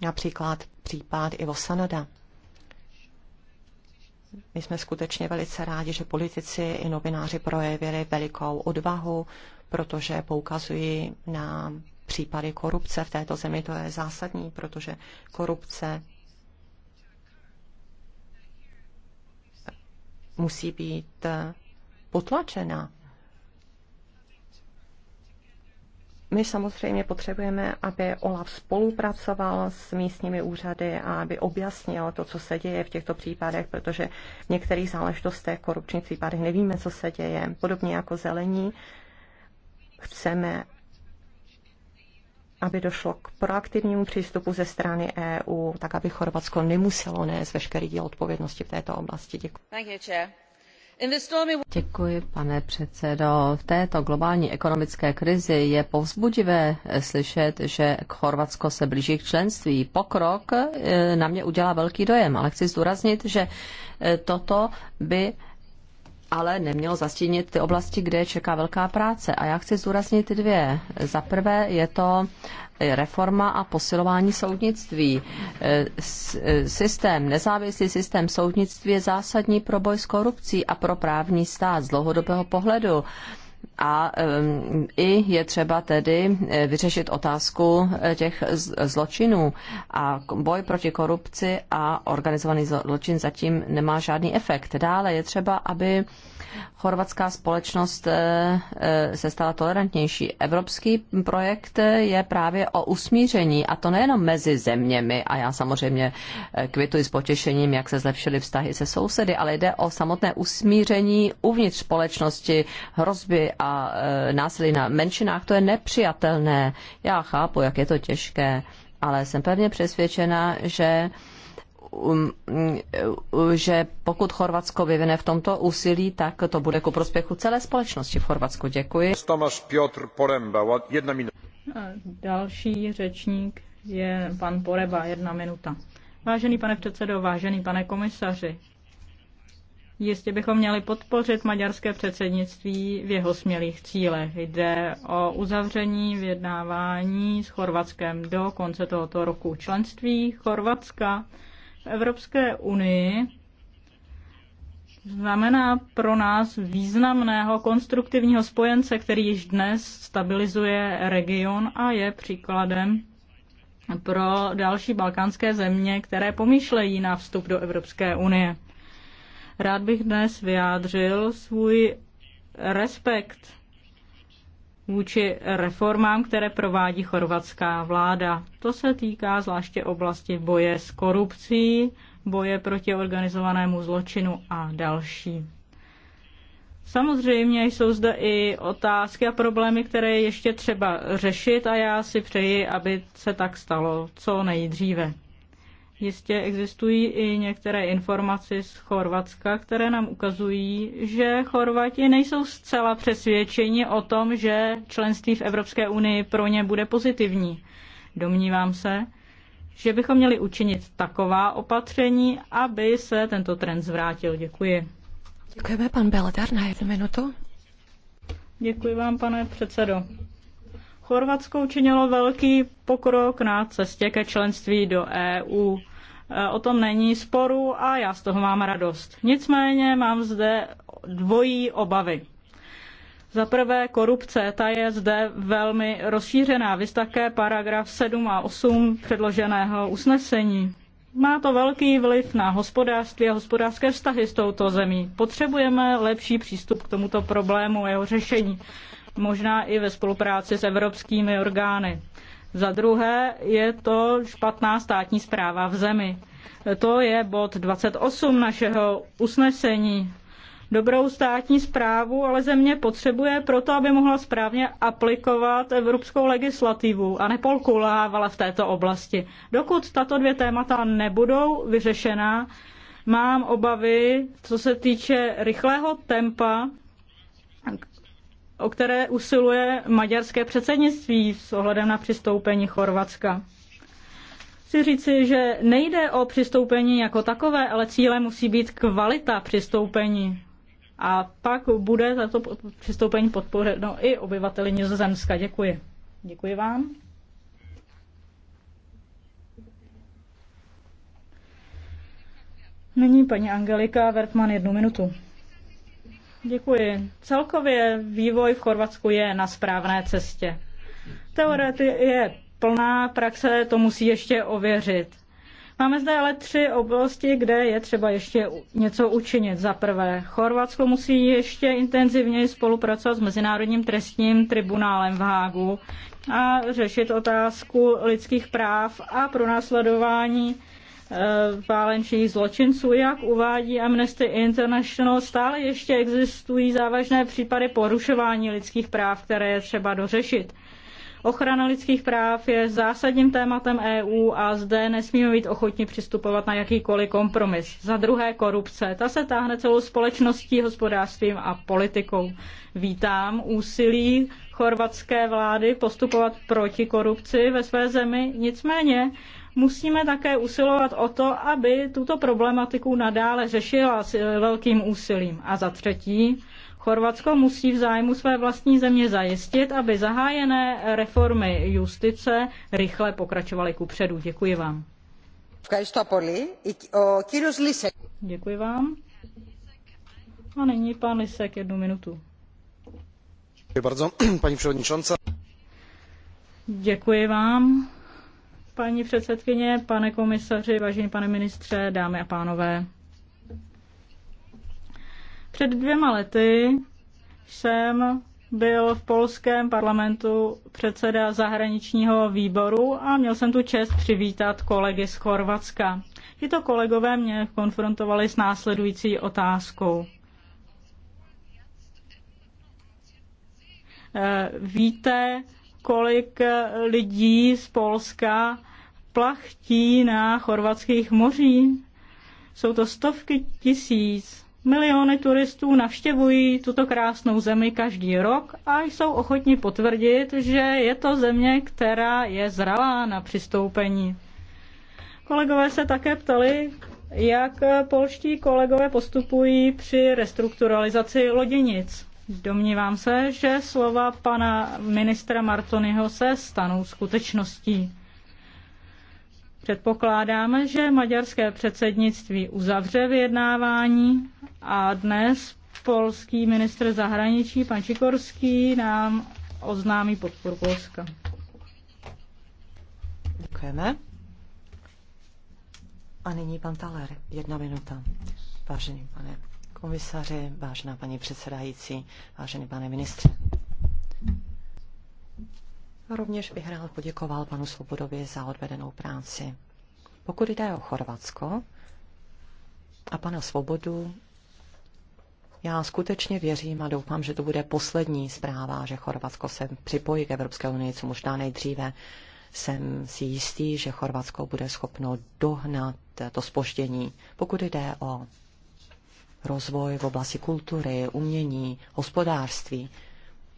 například případ Ivo Sanada. My jsme skutečně velice rádi, že politici i novináři projevili velikou odvahu, protože poukazují na případy korupce v této zemi. To je zásadní, protože korupce musí být potlačena. My samozřejmě potřebujeme, aby OLAF spolupracoval s místními úřady a aby objasnil to, co se děje v těchto případech, protože v některých záležitostech, korupčních případech nevíme, co se děje. Podobně jako zelení chceme, aby došlo k proaktivnímu přístupu ze strany EU, tak aby Chorvatsko nemuselo nést veškerý díl odpovědnosti v této oblasti. Děkuji. Děkuji, pane předsedo. V této globální ekonomické krizi je povzbudivé slyšet, že Chorvatsko se blíží k členství. Pokrok eh, na mě udělá velký dojem, ale chci zdůraznit, že eh, toto by ale nemělo zastínit ty oblasti, kde čeká velká práce. A já chci zúraznit dvě. Za prvé je to reforma a posilování soudnictví. E, e, systém, nezávislý systém soudnictví je zásadní pro boj s korupcí a pro právní stát z dlouhodobého pohledu a i je třeba tedy eh, vyřešit otázku eh, těch zločinů. A boj proti korupci a organizovaný zločin zatím nemá žádný efekt. Dále je třeba, aby Chorvatská společnost eh, eh, se stala tolerantnější. Evropský projekt eh, je právě o usmíření, a to nejenom mezi zeměmi, a já samozřejmě kvituji s potěšením, jak se zlepšily vztahy se sousedy, ale jde o samotné usmíření uvnitř společnosti, hrozby a násilí na menšinách. To je nepřijatelné. Já chápu, jak je to těžké, ale jsem pevně přesvědčena, že Um, um, že pokud Chorvatsko vyvine v tomto úsilí, tak to bude ku prospěchu celé společnosti v Chorvatsku. Děkuji. Tomáš Piotr Poremba, jedna minuta. Další řečník je pan Poreba, jedna minuta. Vážený pane předsedo, vážený pane komisaři, Jistě bychom měli podpořit maďarské předsednictví v jeho smělých cílech. Jde o uzavření vyjednávání s Chorvatskem do konce tohoto roku členství Chorvatska Evropské unii znamená pro nás významného konstruktivního spojence, který již dnes stabilizuje region a je příkladem pro další balkánské země, které pomýšlejí na vstup do Evropské unie. Rád bych dnes vyjádřil svůj respekt vůči reformám, které provádí chorvatská vláda. To se týká zvláště oblasti boje s korupcí, boje proti organizovanému zločinu a další. Samozřejmě jsou zde i otázky a problémy, které je ještě třeba řešit a já si přeji, aby se tak stalo co nejdříve. Jistě existují i některé informace z Chorvatska, které nám ukazují, že Chorvati nejsou zcela přesvědčeni o tom, že členství v Evropské unii pro ně bude pozitivní. Domnívám se, že bychom měli učinit taková opatření, aby se tento trend zvrátil. Děkuji. Děkujeme, pan Beledar, na jednu minutu. Děkuji vám, pane předsedo. Chorvatsko učinilo velký pokrok na cestě ke členství do EU. Eh, o tom není sporu a já z toho mám radost. Nicméně mám zde dvojí obavy. Za prvé korupce, ta je zde velmi rozšířená. Vy také paragraf 7 a 8 předloženého usnesení. Má to velký vliv na hospodářství a hospodářské vztahy s touto zemí. Potřebujeme lepší přístup k tomuto problému a jeho řešení, možná i ve spolupráci s evropskými orgány. Za druhé je to špatná státní zpráva v zemi. To je bod 28 našeho usnesení. Dobrou státní zprávu ale země potřebuje proto, aby mohla správně aplikovat evropskou legislativu a nepolkulávala v této oblasti. Dokud tato dvě témata nebudou vyřešena, mám obavy, co se týče rychlého tempa, o které usiluje maďarské předsednictví s ohledem na přistoupení Chorvatska. Chci říci, že nejde o přistoupení jako takové, ale cílem musí být kvalita přistoupení. A pak bude za to přistoupení podpořeno i obyvateli Nizozemska. Děkuji. Děkuji vám. Nyní paní Angelika Vertman jednu minutu. Děkuji. Celkově vývoj v Chorvatsku je na správné cestě. Teoretie je plná, praxe to musí ještě ověřit. Máme zde ale tři oblasti, kde je třeba ještě něco učinit. Za prvé, Chorvatsko musí ještě intenzivněji spolupracovat s Mezinárodním trestním tribunálem v Hágu a řešit otázku lidských práv a pronásledování válenčních zločinců. Jak uvádí Amnesty International, stále ještě existují závažné případy porušování lidských práv, které je třeba dořešit. Ochrana lidských práv je zásadním tématem EU a zde nesmíme být ochotni přistupovat na jakýkoliv kompromis. Za druhé korupce. Ta se táhne celou společností, hospodářstvím a politikou. Vítám úsilí chorvatské vlády postupovat proti korupci ve své zemi, nicméně musíme také usilovat o to, aby tuto problematiku nadále řešila s eh, velkým úsilím. A za třetí, Chorvatsko musí v zájmu své vlastní země zajistit, aby zahájené reformy justice rychle pokračovaly kupředu. Děkuji vám. Děkuji vám. A nyní pan Lisek jednu minutu. Děkuji bardzo, paní předsedající. Děkuji vám, Paní předsedkyně, pane komisaři, vážený pane ministře, dámy a pánové. Před dvěma lety jsem byl v polském parlamentu předseda zahraničního výboru a měl jsem tu čest přivítat kolegy z Chorvatska. Tito kolegové mě konfrontovali s následující otázkou. Eh, víte, kolik lidí z Polska plachtí na chorvatských mořích. Jsou to stovky tisíc. Miliony turistů navštěvují tuto krásnou zemi každý rok a jsou ochotni potvrdit, že je to země, která je zralá na přistoupení. Kolegové se také ptali, jak polští kolegové postupují při restrukturalizaci loděnic. Domnívám se, že slova pana ministra Martonyho se stanou skutečností. Předpokládám, že maďarské předsednictví uzavře vyjednávání a dnes polský ministr zahraničí pan Čikorský nám oznámí podporu Polska. Děkujeme. A nyní pan Taler, jedna minuta. Vážený pane komisaři, vážená paní předsedající, vážený pane ministře. Rovněž bych rád poděkoval panu Svobodovi za odvedenou práci. Pokud jde o Chorvatsko a pana Svobodu, já skutečně věřím a doufám, že to bude poslední zpráva, že Chorvatsko se připojí k Evropské unii, co možná nejdříve. Jsem si jistý, že Chorvatsko bude schopno dohnat to spoždění. Pokud jde o rozvoj v oblasti kultury, umění, hospodářství,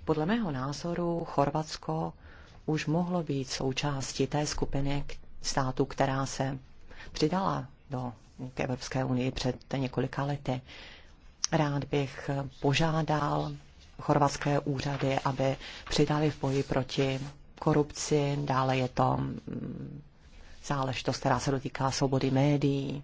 podle mého názoru Chorvatsko už mohlo být součástí té skupiny států, která se přidala do k Evropské unii před několika lety. Rád bych požádal chorvatské úřady, aby přidali v boji proti korupci. Dále je to mm, záležitost, která se dotýká svobody médií,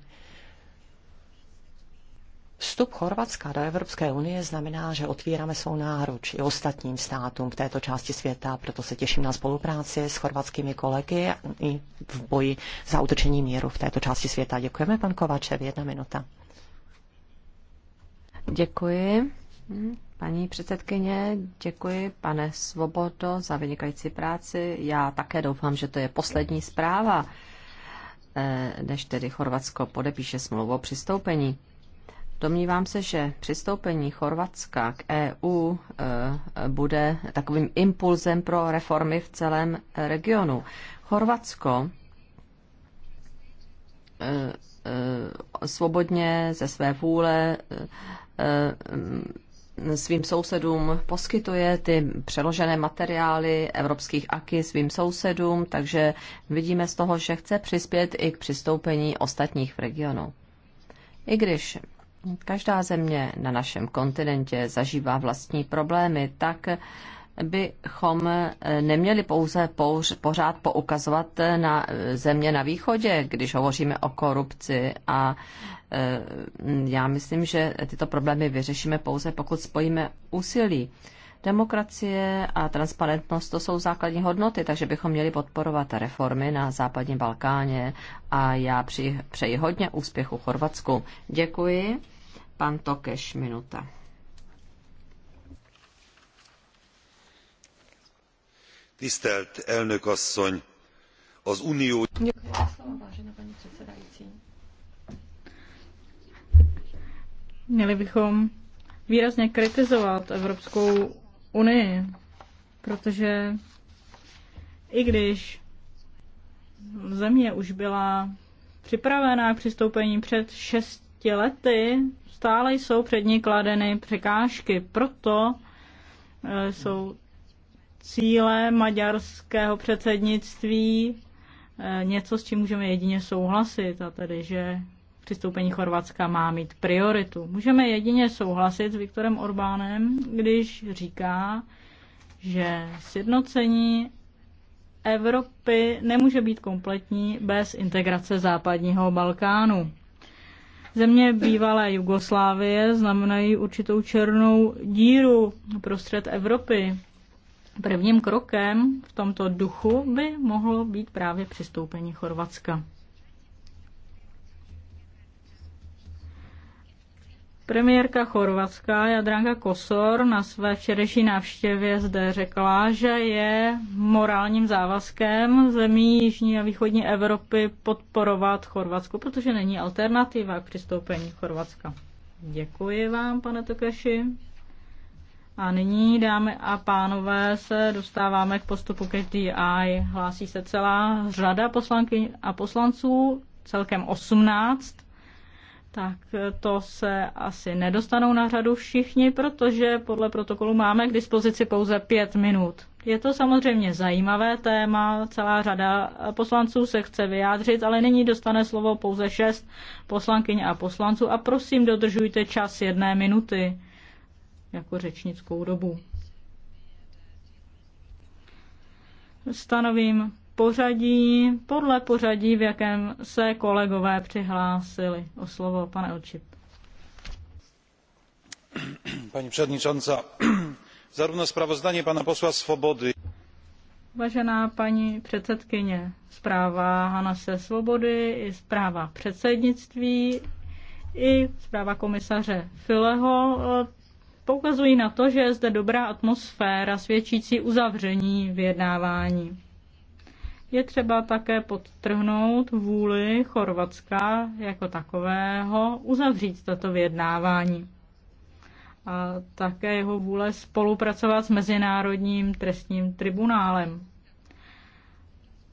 Vstup Chorvatska do Evropské unie znamená, že otvíráme svou náruč i ostatním státům v této části světa, proto se těším na spolupráci s chorvatskými kolegy i v boji za utočení míru v této části světa. Děkujeme, pan Kovačev, jedna minuta. Děkuji. Paní předsedkyně, děkuji, pane Svobodo, za vynikající práci. Já také doufám, že to je poslední zpráva, eh, než tedy Chorvatsko podepíše smlouvu o přistoupení. Domnívám se, že přistoupení Chorvatska k EU eh, bude takovým impulzem pro reformy v celém eh, regionu. Chorvatsko eh, svobodně ze své vůle svým sousedům poskytuje ty přeložené materiály evropských aky svým sousedům, takže vidíme z toho, že chce přispět i k přistoupení ostatních v regionu. I když každá země na našem kontinentě zažívá vlastní problémy, tak bychom neměli pouze pořád poukazovat na země na východě, když hovoříme o korupci a e, já myslím, že tyto problémy vyřešíme pouze, pokud spojíme úsilí. Demokracie a transparentnost to jsou základní hodnoty, takže bychom měli podporovat reformy na západním Balkáně a já přeji hodně úspěchu Chorvatsku. Děkuji. Pan Tokeš, minuta. Tisztelt elnök asszony, az unió... Měli bychom výrazně kritizovat Evropskou unii, protože i když země už byla připravená k přistoupení před šest lety stále jsou před ní kladeny překážky. Proto eh, jsou cíle maďarského předsednictví eh, něco, s čím můžeme jedině souhlasit, a tedy, že přistoupení Chorvatska má mít prioritu. Můžeme jedině souhlasit s Viktorem Orbánem, když říká, že sjednocení Evropy nemůže být kompletní bez integrace západního Balkánu. Země bývalé Jugoslávie znamenají určitou černou díru prostřed Evropy. Prvním krokem v tomto duchu by mohlo být právě přistoupení Chorvatska. Premiérka Chorvatska Jadranka Kosor na své včerejší návštěvě zde řekla, že je morálním závazkem zemí Jižní a Východní Evropy podporovat Chorvatsko, protože není alternativa k přistoupení Chorvatska. Děkuji vám, pane Tokeši. A nyní, dámy a pánové, se dostáváme k postupu ke DI. Hlásí se celá řada poslankyň a poslanců, celkem 18 tak to se asi nedostanou na řadu všichni, protože podle protokolu máme k dispozici pouze pět minut. Je to samozřejmě zajímavé téma, celá řada poslanců se chce vyjádřit, ale nyní dostane slovo pouze šest poslankyň a poslanců a prosím dodržujte čas jedné minuty jako řečnickou dobu. Stanovím pořadí, podle pořadí, v jakém se kolegové přihlásili o slovo. Pane Očip. Pani předničanca, zarówno sprawozdanie pana posła Swobody. Vážená paní předsedkyně, zpráva Hanase Svobody i zpráva předsednictví i zpráva komisaře Fileho eh, poukazují na to, že je zde dobrá atmosféra svědčící uzavření vyjednávání. Je třeba také podtrhnout vůli Chorvatska jako takového uzavřít toto vyjednávání. A také jeho vůle spolupracovat s Mezinárodním trestním tribunálem.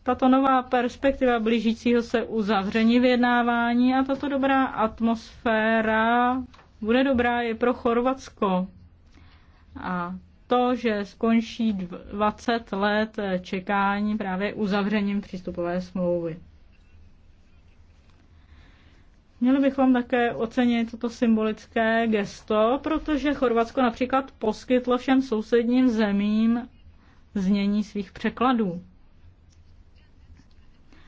Tato nová perspektiva blížícího se uzavření vyjednávání a tato dobrá atmosféra bude dobrá i pro Chorvatsko. A to, že skončí 20 let čekání právě uzavřením přístupové smlouvy. Měli bychom také ocenit toto symbolické gesto, protože Chorvatsko například poskytlo všem sousedním zemím znění svých překladů.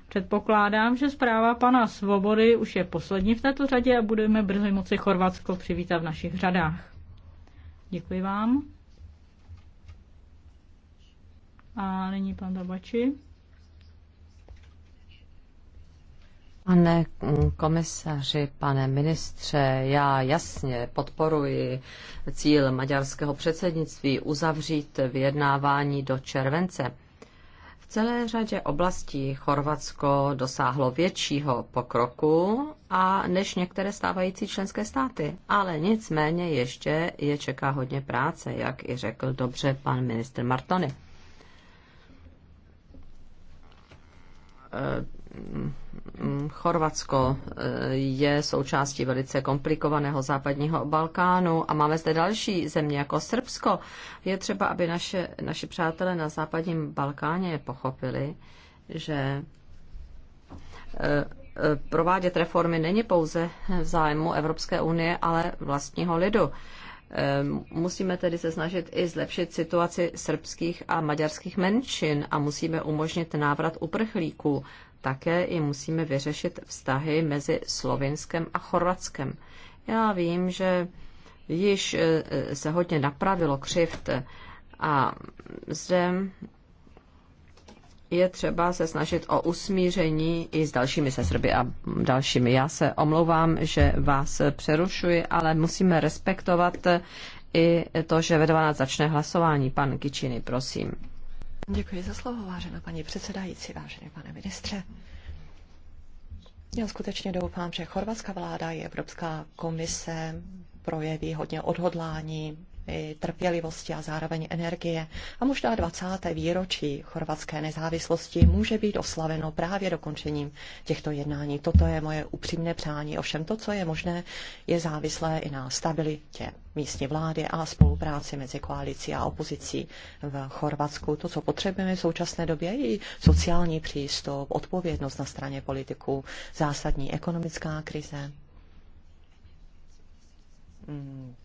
Předpokládám, že zpráva pana Svobody už je poslední v této řadě a budeme brzy moci Chorvatsko přivítat v našich řadách. Děkuji vám. A nyní pan Tabači. Pane komisaři, pane ministře, já jasně podporuji cíl maďarského předsednictví uzavřít vyjednávání do července. V celé řadě oblastí Chorvatsko dosáhlo většího pokroku a než některé stávající členské státy. Ale nicméně ještě je čeká hodně práce, jak i řekl dobře pan ministr Martony. Chorvatsko eh, je součástí velice komplikovaného západního Balkánu a máme zde další země jako Srbsko. Je třeba, aby naše, naši přátelé na západním Balkáně pochopili, že eh, eh, provádět reformy není pouze v zájmu Evropské unie, ale vlastního lidu. Ehm, musíme tedy se snažit i zlepšit situaci srbských a maďarských menšin a musíme umožnit návrat uprchlíků. Také i musíme vyřešit vztahy mezi Slovinskem a Chorvatskem. Já vím, že již eh, se hodně napravilo křivt a zde je třeba se snažit o usmíření i s dalšími se Srby a dalšími. Já se omlouvám, že vás přerušuji, ale musíme respektovat i to, že ve 12 začne hlasování. Pan Kičiny, prosím. Děkuji za slovo, vážená paní předsedající, vážený pane ministře. Já skutečně doufám, že chorvatská vláda i Evropská komise projeví hodně odhodlání trpělivosti a zároveň energie. A možná 20. výročí chorvatské nezávislosti může být oslaveno právě dokončením těchto jednání. Toto je moje upřímné přání. Ovšem to, co je možné, je závislé i na stabilitě místní vlády a spolupráci mezi koalicí a opozicí v Chorvatsku. To, co potřebujeme v současné době, je i sociální přístup, odpovědnost na straně politiků, zásadní ekonomická krize hmm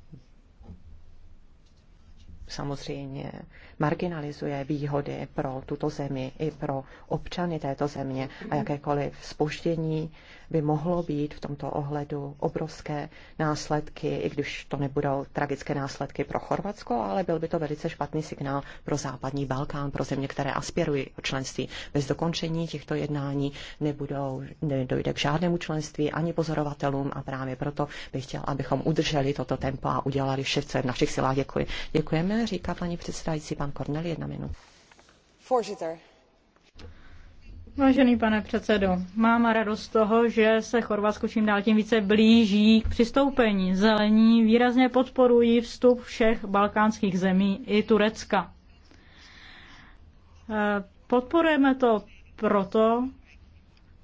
samozřejmě marginalizuje výhody pro tuto zemi i pro občany této země a jakékoliv spoštění by mohlo být v tomto ohledu obrovské následky, i když to nebudou tragické následky pro Chorvatsko, ale byl by to velice špatný signál pro západní Balkán, pro země, které aspirují o členství. Bez dokončení těchto jednání nebudou, nedojde k žádnému členství ani pozorovatelům a právě proto bych chtěl, abychom udrželi toto tempo a udělali vše, co je v našich silách. Děkuji. Děkujeme, říká paní předsedající pan Kornel, jedna minuta. Voorzitter, Vážený pane předsedo, mám radost z toho, že se Chorvatsko čím dál tím více blíží k přistoupení. Zelení výrazně podporují vstup všech balkánských zemí i Turecka. Eh, podporujeme to proto,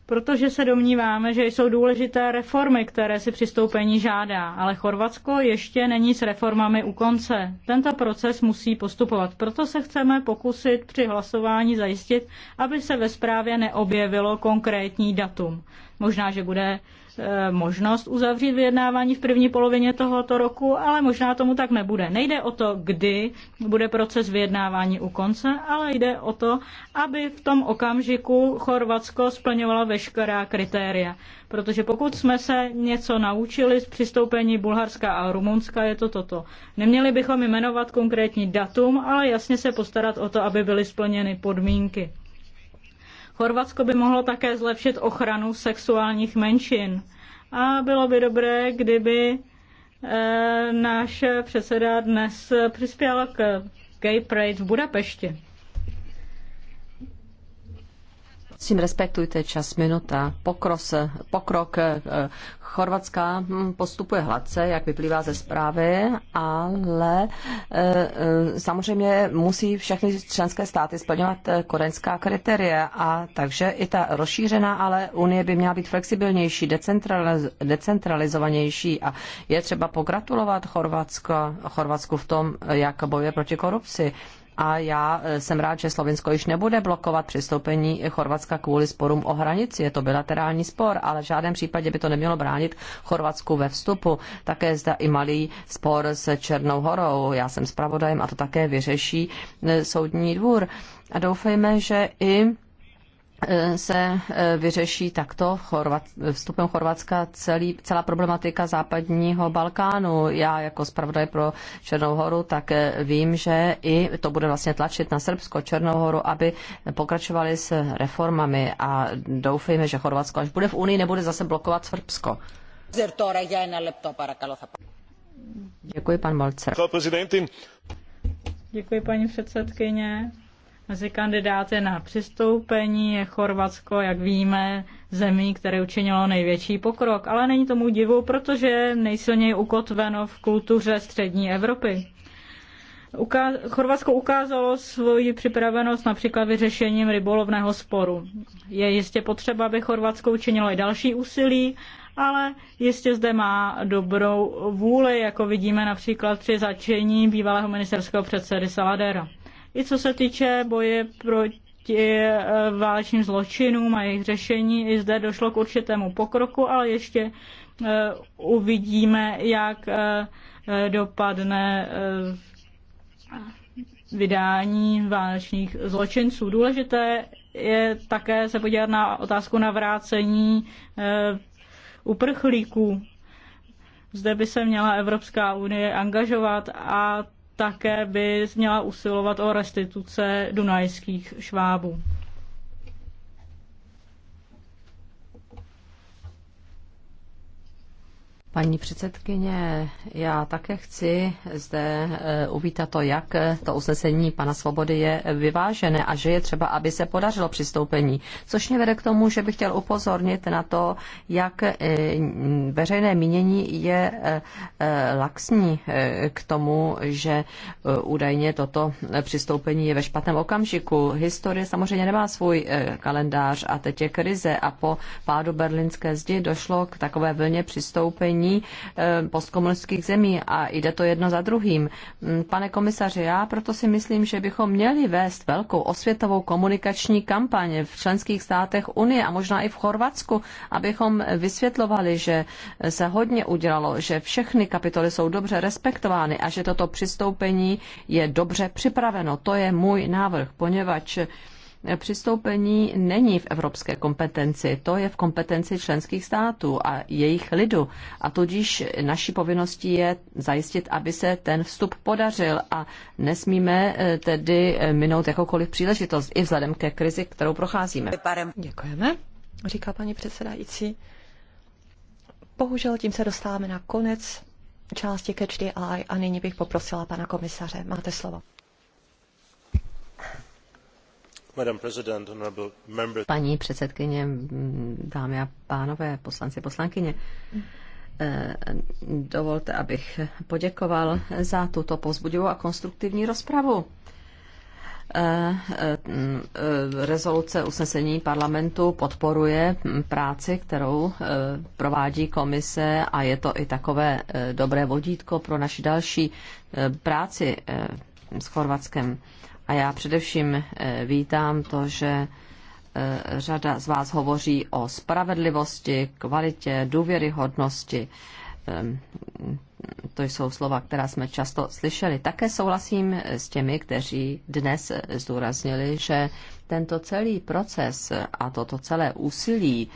protože se domníváme, že jsou důležité reformy, které si přistoupení žádá, ale Chorvatsko ještě není s reformami u konce. Tento proces musí postupovat, proto se chceme pokusit při hlasování zajistit, aby se ve zprávě neobjevilo konkrétní datum. Možná, že bude Eh, možnost uzavřít vyjednávání v první polovině tohoto roku, ale možná tomu tak nebude. Nejde o to, kdy bude proces vyjednávání u konce, ale jde o to, aby v tom okamžiku Chorvatsko splňovalo veškerá kritéria. Protože pokud jsme se něco naučili z přistoupení Bulharska a Rumunska, je to toto. Neměli bychom jmenovat konkrétní datum, ale jasně se postarat o to, aby byly splněny podmínky. Chorvatsko by mohlo také zlepšit ochranu sexuálních menšin. A bylo by dobré, kdyby eh, náš předseda dnes přispěl k Gay pride v Budapešti. Prosím, respektujte čas minuta. Pokros, pokrok eh, Chorvatska hm, postupuje hladce, jak vyplývá ze zprávy, ale eh, samozřejmě musí všechny členské státy splňovat eh, korenská kritéria a takže i ta rozšířená, ale Unie by měla být flexibilnější, decentralizovanější a je třeba pogratulovat Chorvatsko, Chorvatsku v tom, jak bojuje proti korupci a já e, jsem rád, že Slovinsko již nebude blokovat přistoupení Chorvatska kvůli sporům o hranici. Je to bilaterální spor, ale v žádném případě by to nemělo bránit Chorvatsku ve vstupu. Také zda i malý spor s Černou horou. Já jsem zpravodajem a to také vyřeší e, soudní dvůr. A doufejme, že i Eh, se eh, vyřeší takto eh, vstupem Chorvatska celý, celá problematika západního Balkánu. Já jako zpravodaj pro Černou horu tak vím, že i to bude vlastně tlačit na Srbsko, Černou horu, aby pokračovali s reformami a doufejme, že Chorvatsko, až bude v Unii, nebude zase blokovat Srbsko. Děkuji, pan Molcer. Děkuji, paní předsedkyně. Mezi kandidáty na přistoupení je Chorvatsko, jak víme, zemí, které učinilo největší pokrok, ale není tomu divu, protože je nejsilněji ukotveno v kultuře střední Evropy. Uka- Chorvatsko ukázalo svoji připravenost například vyřešením rybolovného sporu. Je jistě potřeba, aby Chorvatsko učinilo i další úsilí, ale jistě zde má dobrou vůli, jako vidíme například při začení bývalého ministerského předsedy Saladera. I co se týče boje proti eh, válečným zločinům a jejich řešení, i zde došlo k určitému pokroku, ale ještě eh, uvidíme, jak eh, dopadne vydání válečných zločinců. Důležité je také se podívat na otázku na vrácení uprchlíků. Zde by se měla Evropská unie angažovat a také by měla usilovat o restituce dunajských švábů. Paní předsedkyně, já také chci zde eh, uvítat to, jak to usnesení pana Svobody je vyvážené a že je třeba, aby se podařilo přistoupení. Což mě vede k tomu, že bych chtěl upozornit na to, jak eh, veřejné mínění je eh, laxní k tomu, že údajně toto přistoupení je ve špatném okamžiku. Historie samozřejmě nemá svůj kalendář a teď je krize a po pádu berlínské zdi došlo k takové vlně přistoupení zemí, eh, postkomunistických zemí a jde to jedno za druhým. Mm, pane komisaři, já proto si myslím, že bychom měli vést velkou osvětovou komunikační kampaň v členských státech Unie a možná i v Chorvatsku, abychom vysvětlovali, že se hodně udělalo, že všechny kapitoly jsou dobře respektovány a že toto přistoupení je dobře připraveno. To je můj návrh, poněvadž přistoupení není v evropské kompetenci, to je v kompetenci členských států a jejich lidu. A tudíž naší povinností je zajistit, aby se ten vstup podařil a nesmíme eh, tedy eh, minout jakoukoliv příležitost i vzhledem ke krizi, kterou procházíme. Děkujeme, říká paní předsedající. Bohužel tím se dostáváme na konec části Catch the Eye a nyní bych poprosila pana komisaře. Máte slovo. Paní předsedkyně, dámy a pánové, poslanci, poslankyně, eh, dovolte, abych poděkoval za tuto povzbudivou a konstruktivní rozpravu eh, eh, rezoluce usnesení parlamentu podporuje práci, kterou provádí komise a je to i takové dobré vodítko pro naši další práci s Chorvatskem. A já především eh, vítám to, že eh, řada z vás hovoří o spravedlivosti, kvalitě, důvěryhodnosti. Ehm, to jsou slova, která jsme často slyšeli. Také souhlasím eh, s těmi, kteří dnes zdůraznili, že tento celý proces a toto celé úsilí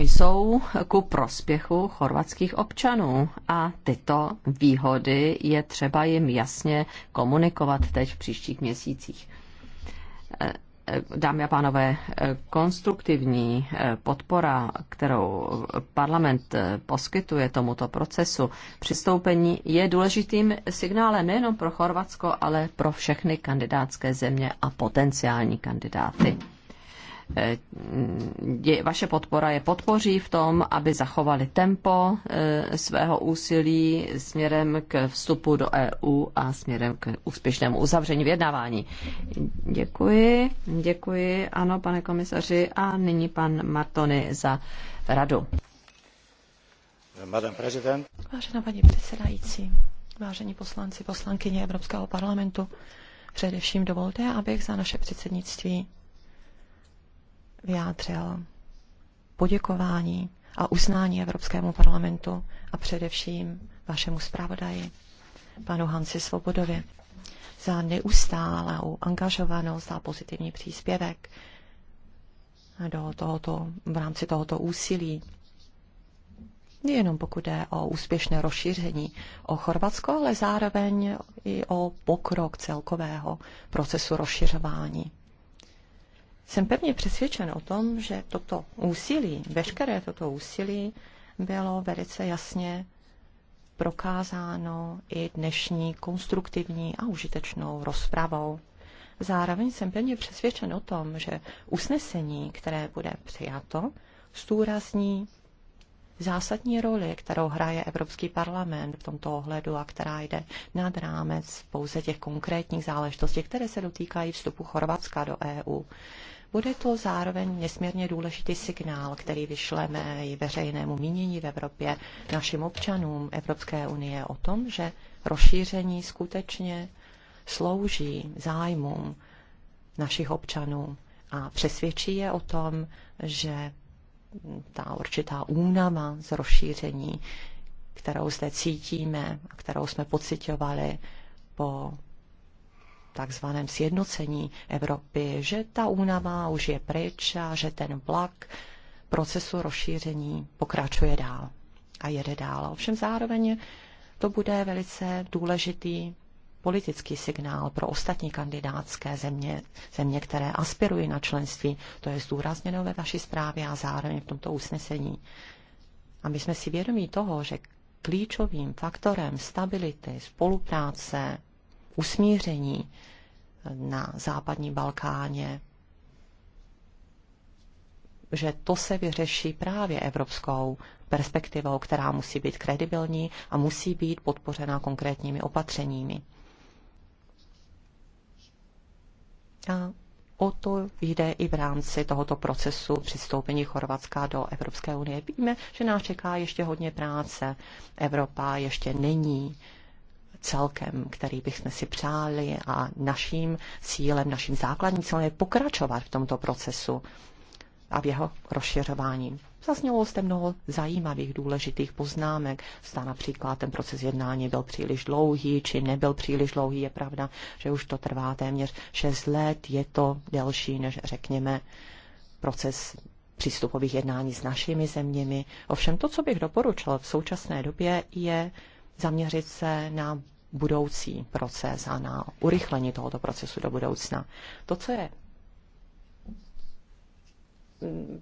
jsou ku prospěchu chorvatských občanů a tyto výhody je třeba jim jasně komunikovat teď v příštích měsících. Dámy a pánové, konstruktivní podpora, kterou parlament poskytuje tomuto procesu přistoupení, je důležitým signálem nejenom pro Chorvatsko, ale pro všechny kandidátské země a potenciální kandidáty vaše podpora je podpoří v tom, aby zachovali tempo eh, svého úsilí směrem k vstupu do EU a směrem k úspěšnému uzavření vyjednávání. Děkuji, děkuji, ano, pane komisaři, a nyní pan Martony za radu. Vážená paní předsedající, vážení poslanci, poslankyně Evropského parlamentu, především dovolte, abych za naše předsednictví vyjádřil poděkování a uznání Evropskému parlamentu a především vašemu zpravodaji, panu Hansi Svobodovi, za neustálou angažovanost a pozitivní příspěvek do tohoto, v rámci tohoto úsilí. Nejenom pokud jde o úspěšné rozšíření o Chorvatsko, ale zároveň i o pokrok celkového procesu rozšiřování jsem pevně přesvědčen o tom, že toto úsilí, veškeré toto úsilí bylo velice jasně prokázáno i dnešní konstruktivní a užitečnou rozpravou. Zároveň jsem pevně přesvědčen o tom, že usnesení, které bude přijato, stůrazní zásadní roli, kterou hraje Evropský parlament v tomto ohledu a která jde nad rámec pouze těch konkrétních záležitostí, které se dotýkají vstupu Chorvatska do EU. Bude to zároveň nesmírně důležitý signál, který vyšleme i veřejnému mínění v Evropě, našim občanům Evropské unie o tom, že rozšíření skutečně slouží zájmům našich občanů a přesvědčí je o tom, že ta určitá únava z rozšíření, kterou zde cítíme a kterou jsme pocitovali po takzvaném sjednocení Evropy, že ta únava už je pryč a že ten vlak procesu rozšíření pokračuje dál a jede dál. Ovšem zároveň to bude velice důležitý politický signál pro ostatní kandidátské země, země, které aspirují na členství. To je zdůrazněno ve vaší zprávě a zároveň v tomto usnesení. A my jsme si vědomí toho, že klíčovým faktorem stability, spolupráce, usmíření na západní Balkáně, že to se vyřeší právě evropskou perspektivou, která musí být kredibilní a musí být podpořena konkrétními opatřeními. A o to jde i v rámci tohoto procesu přistoupení Chorvatska do Evropské unie. Víme, že nás čeká ještě hodně práce. Evropa ještě není celkem, který bychom si přáli a naším cílem, naším základním cílem je pokračovat v tomto procesu a v jeho rozšiřování. Zasnělo jste mnoho zajímavých, důležitých poznámek. Zda například ten proces jednání byl příliš dlouhý, či nebyl příliš dlouhý. Je pravda, že už to trvá téměř 6 let. Je to delší, než řekněme, proces přístupových jednání s našimi zeměmi. Ovšem to, co bych doporučil v současné době, je zaměřit se na budoucí proces a na urychlení tohoto procesu do budoucna. To, co je mm,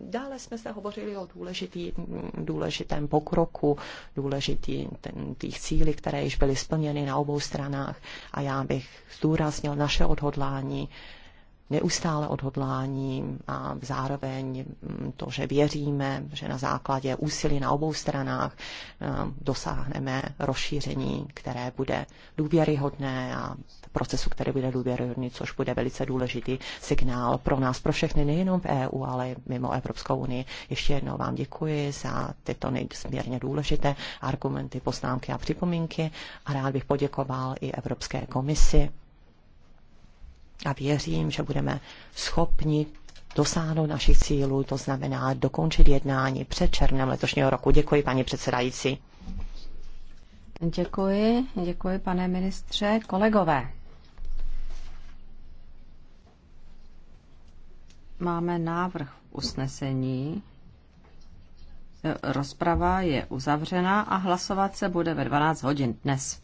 Dále jsme se hovořili o důležitý, důležitém pokroku, důležitých cílí, které již byly splněny na obou stranách a já bych zdůraznil naše odhodlání neustále odhodlání a zároveň to, že věříme, že na základě úsilí na obou stranách eh, dosáhneme rozšíření, které bude důvěryhodné a procesu, který bude důvěryhodný, což bude velice důležitý signál pro nás, pro všechny, nejenom v EU, ale mimo Evropskou unii. Ještě jednou vám děkuji za tyto nejsměrně důležité argumenty, poznámky a připomínky a rád bych poděkoval i Evropské komisi a věřím, že budeme schopni dosáhnout našich cílů, to znamená dokončit jednání před černem letošního roku. Děkuji, paní předsedající. Děkuji, děkuji, pane ministře. Kolegové, máme návrh usnesení. Rozprava je uzavřena a hlasovat se bude ve 12 hodin dnes.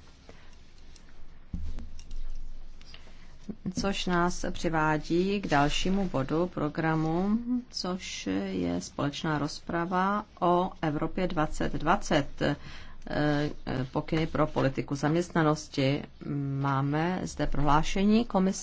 což nás přivádí k dalšímu bodu programu, což je společná rozprava o Evropě 2020 eh, eh, pokyny pro politiku zaměstnanosti. Máme zde prohlášení komise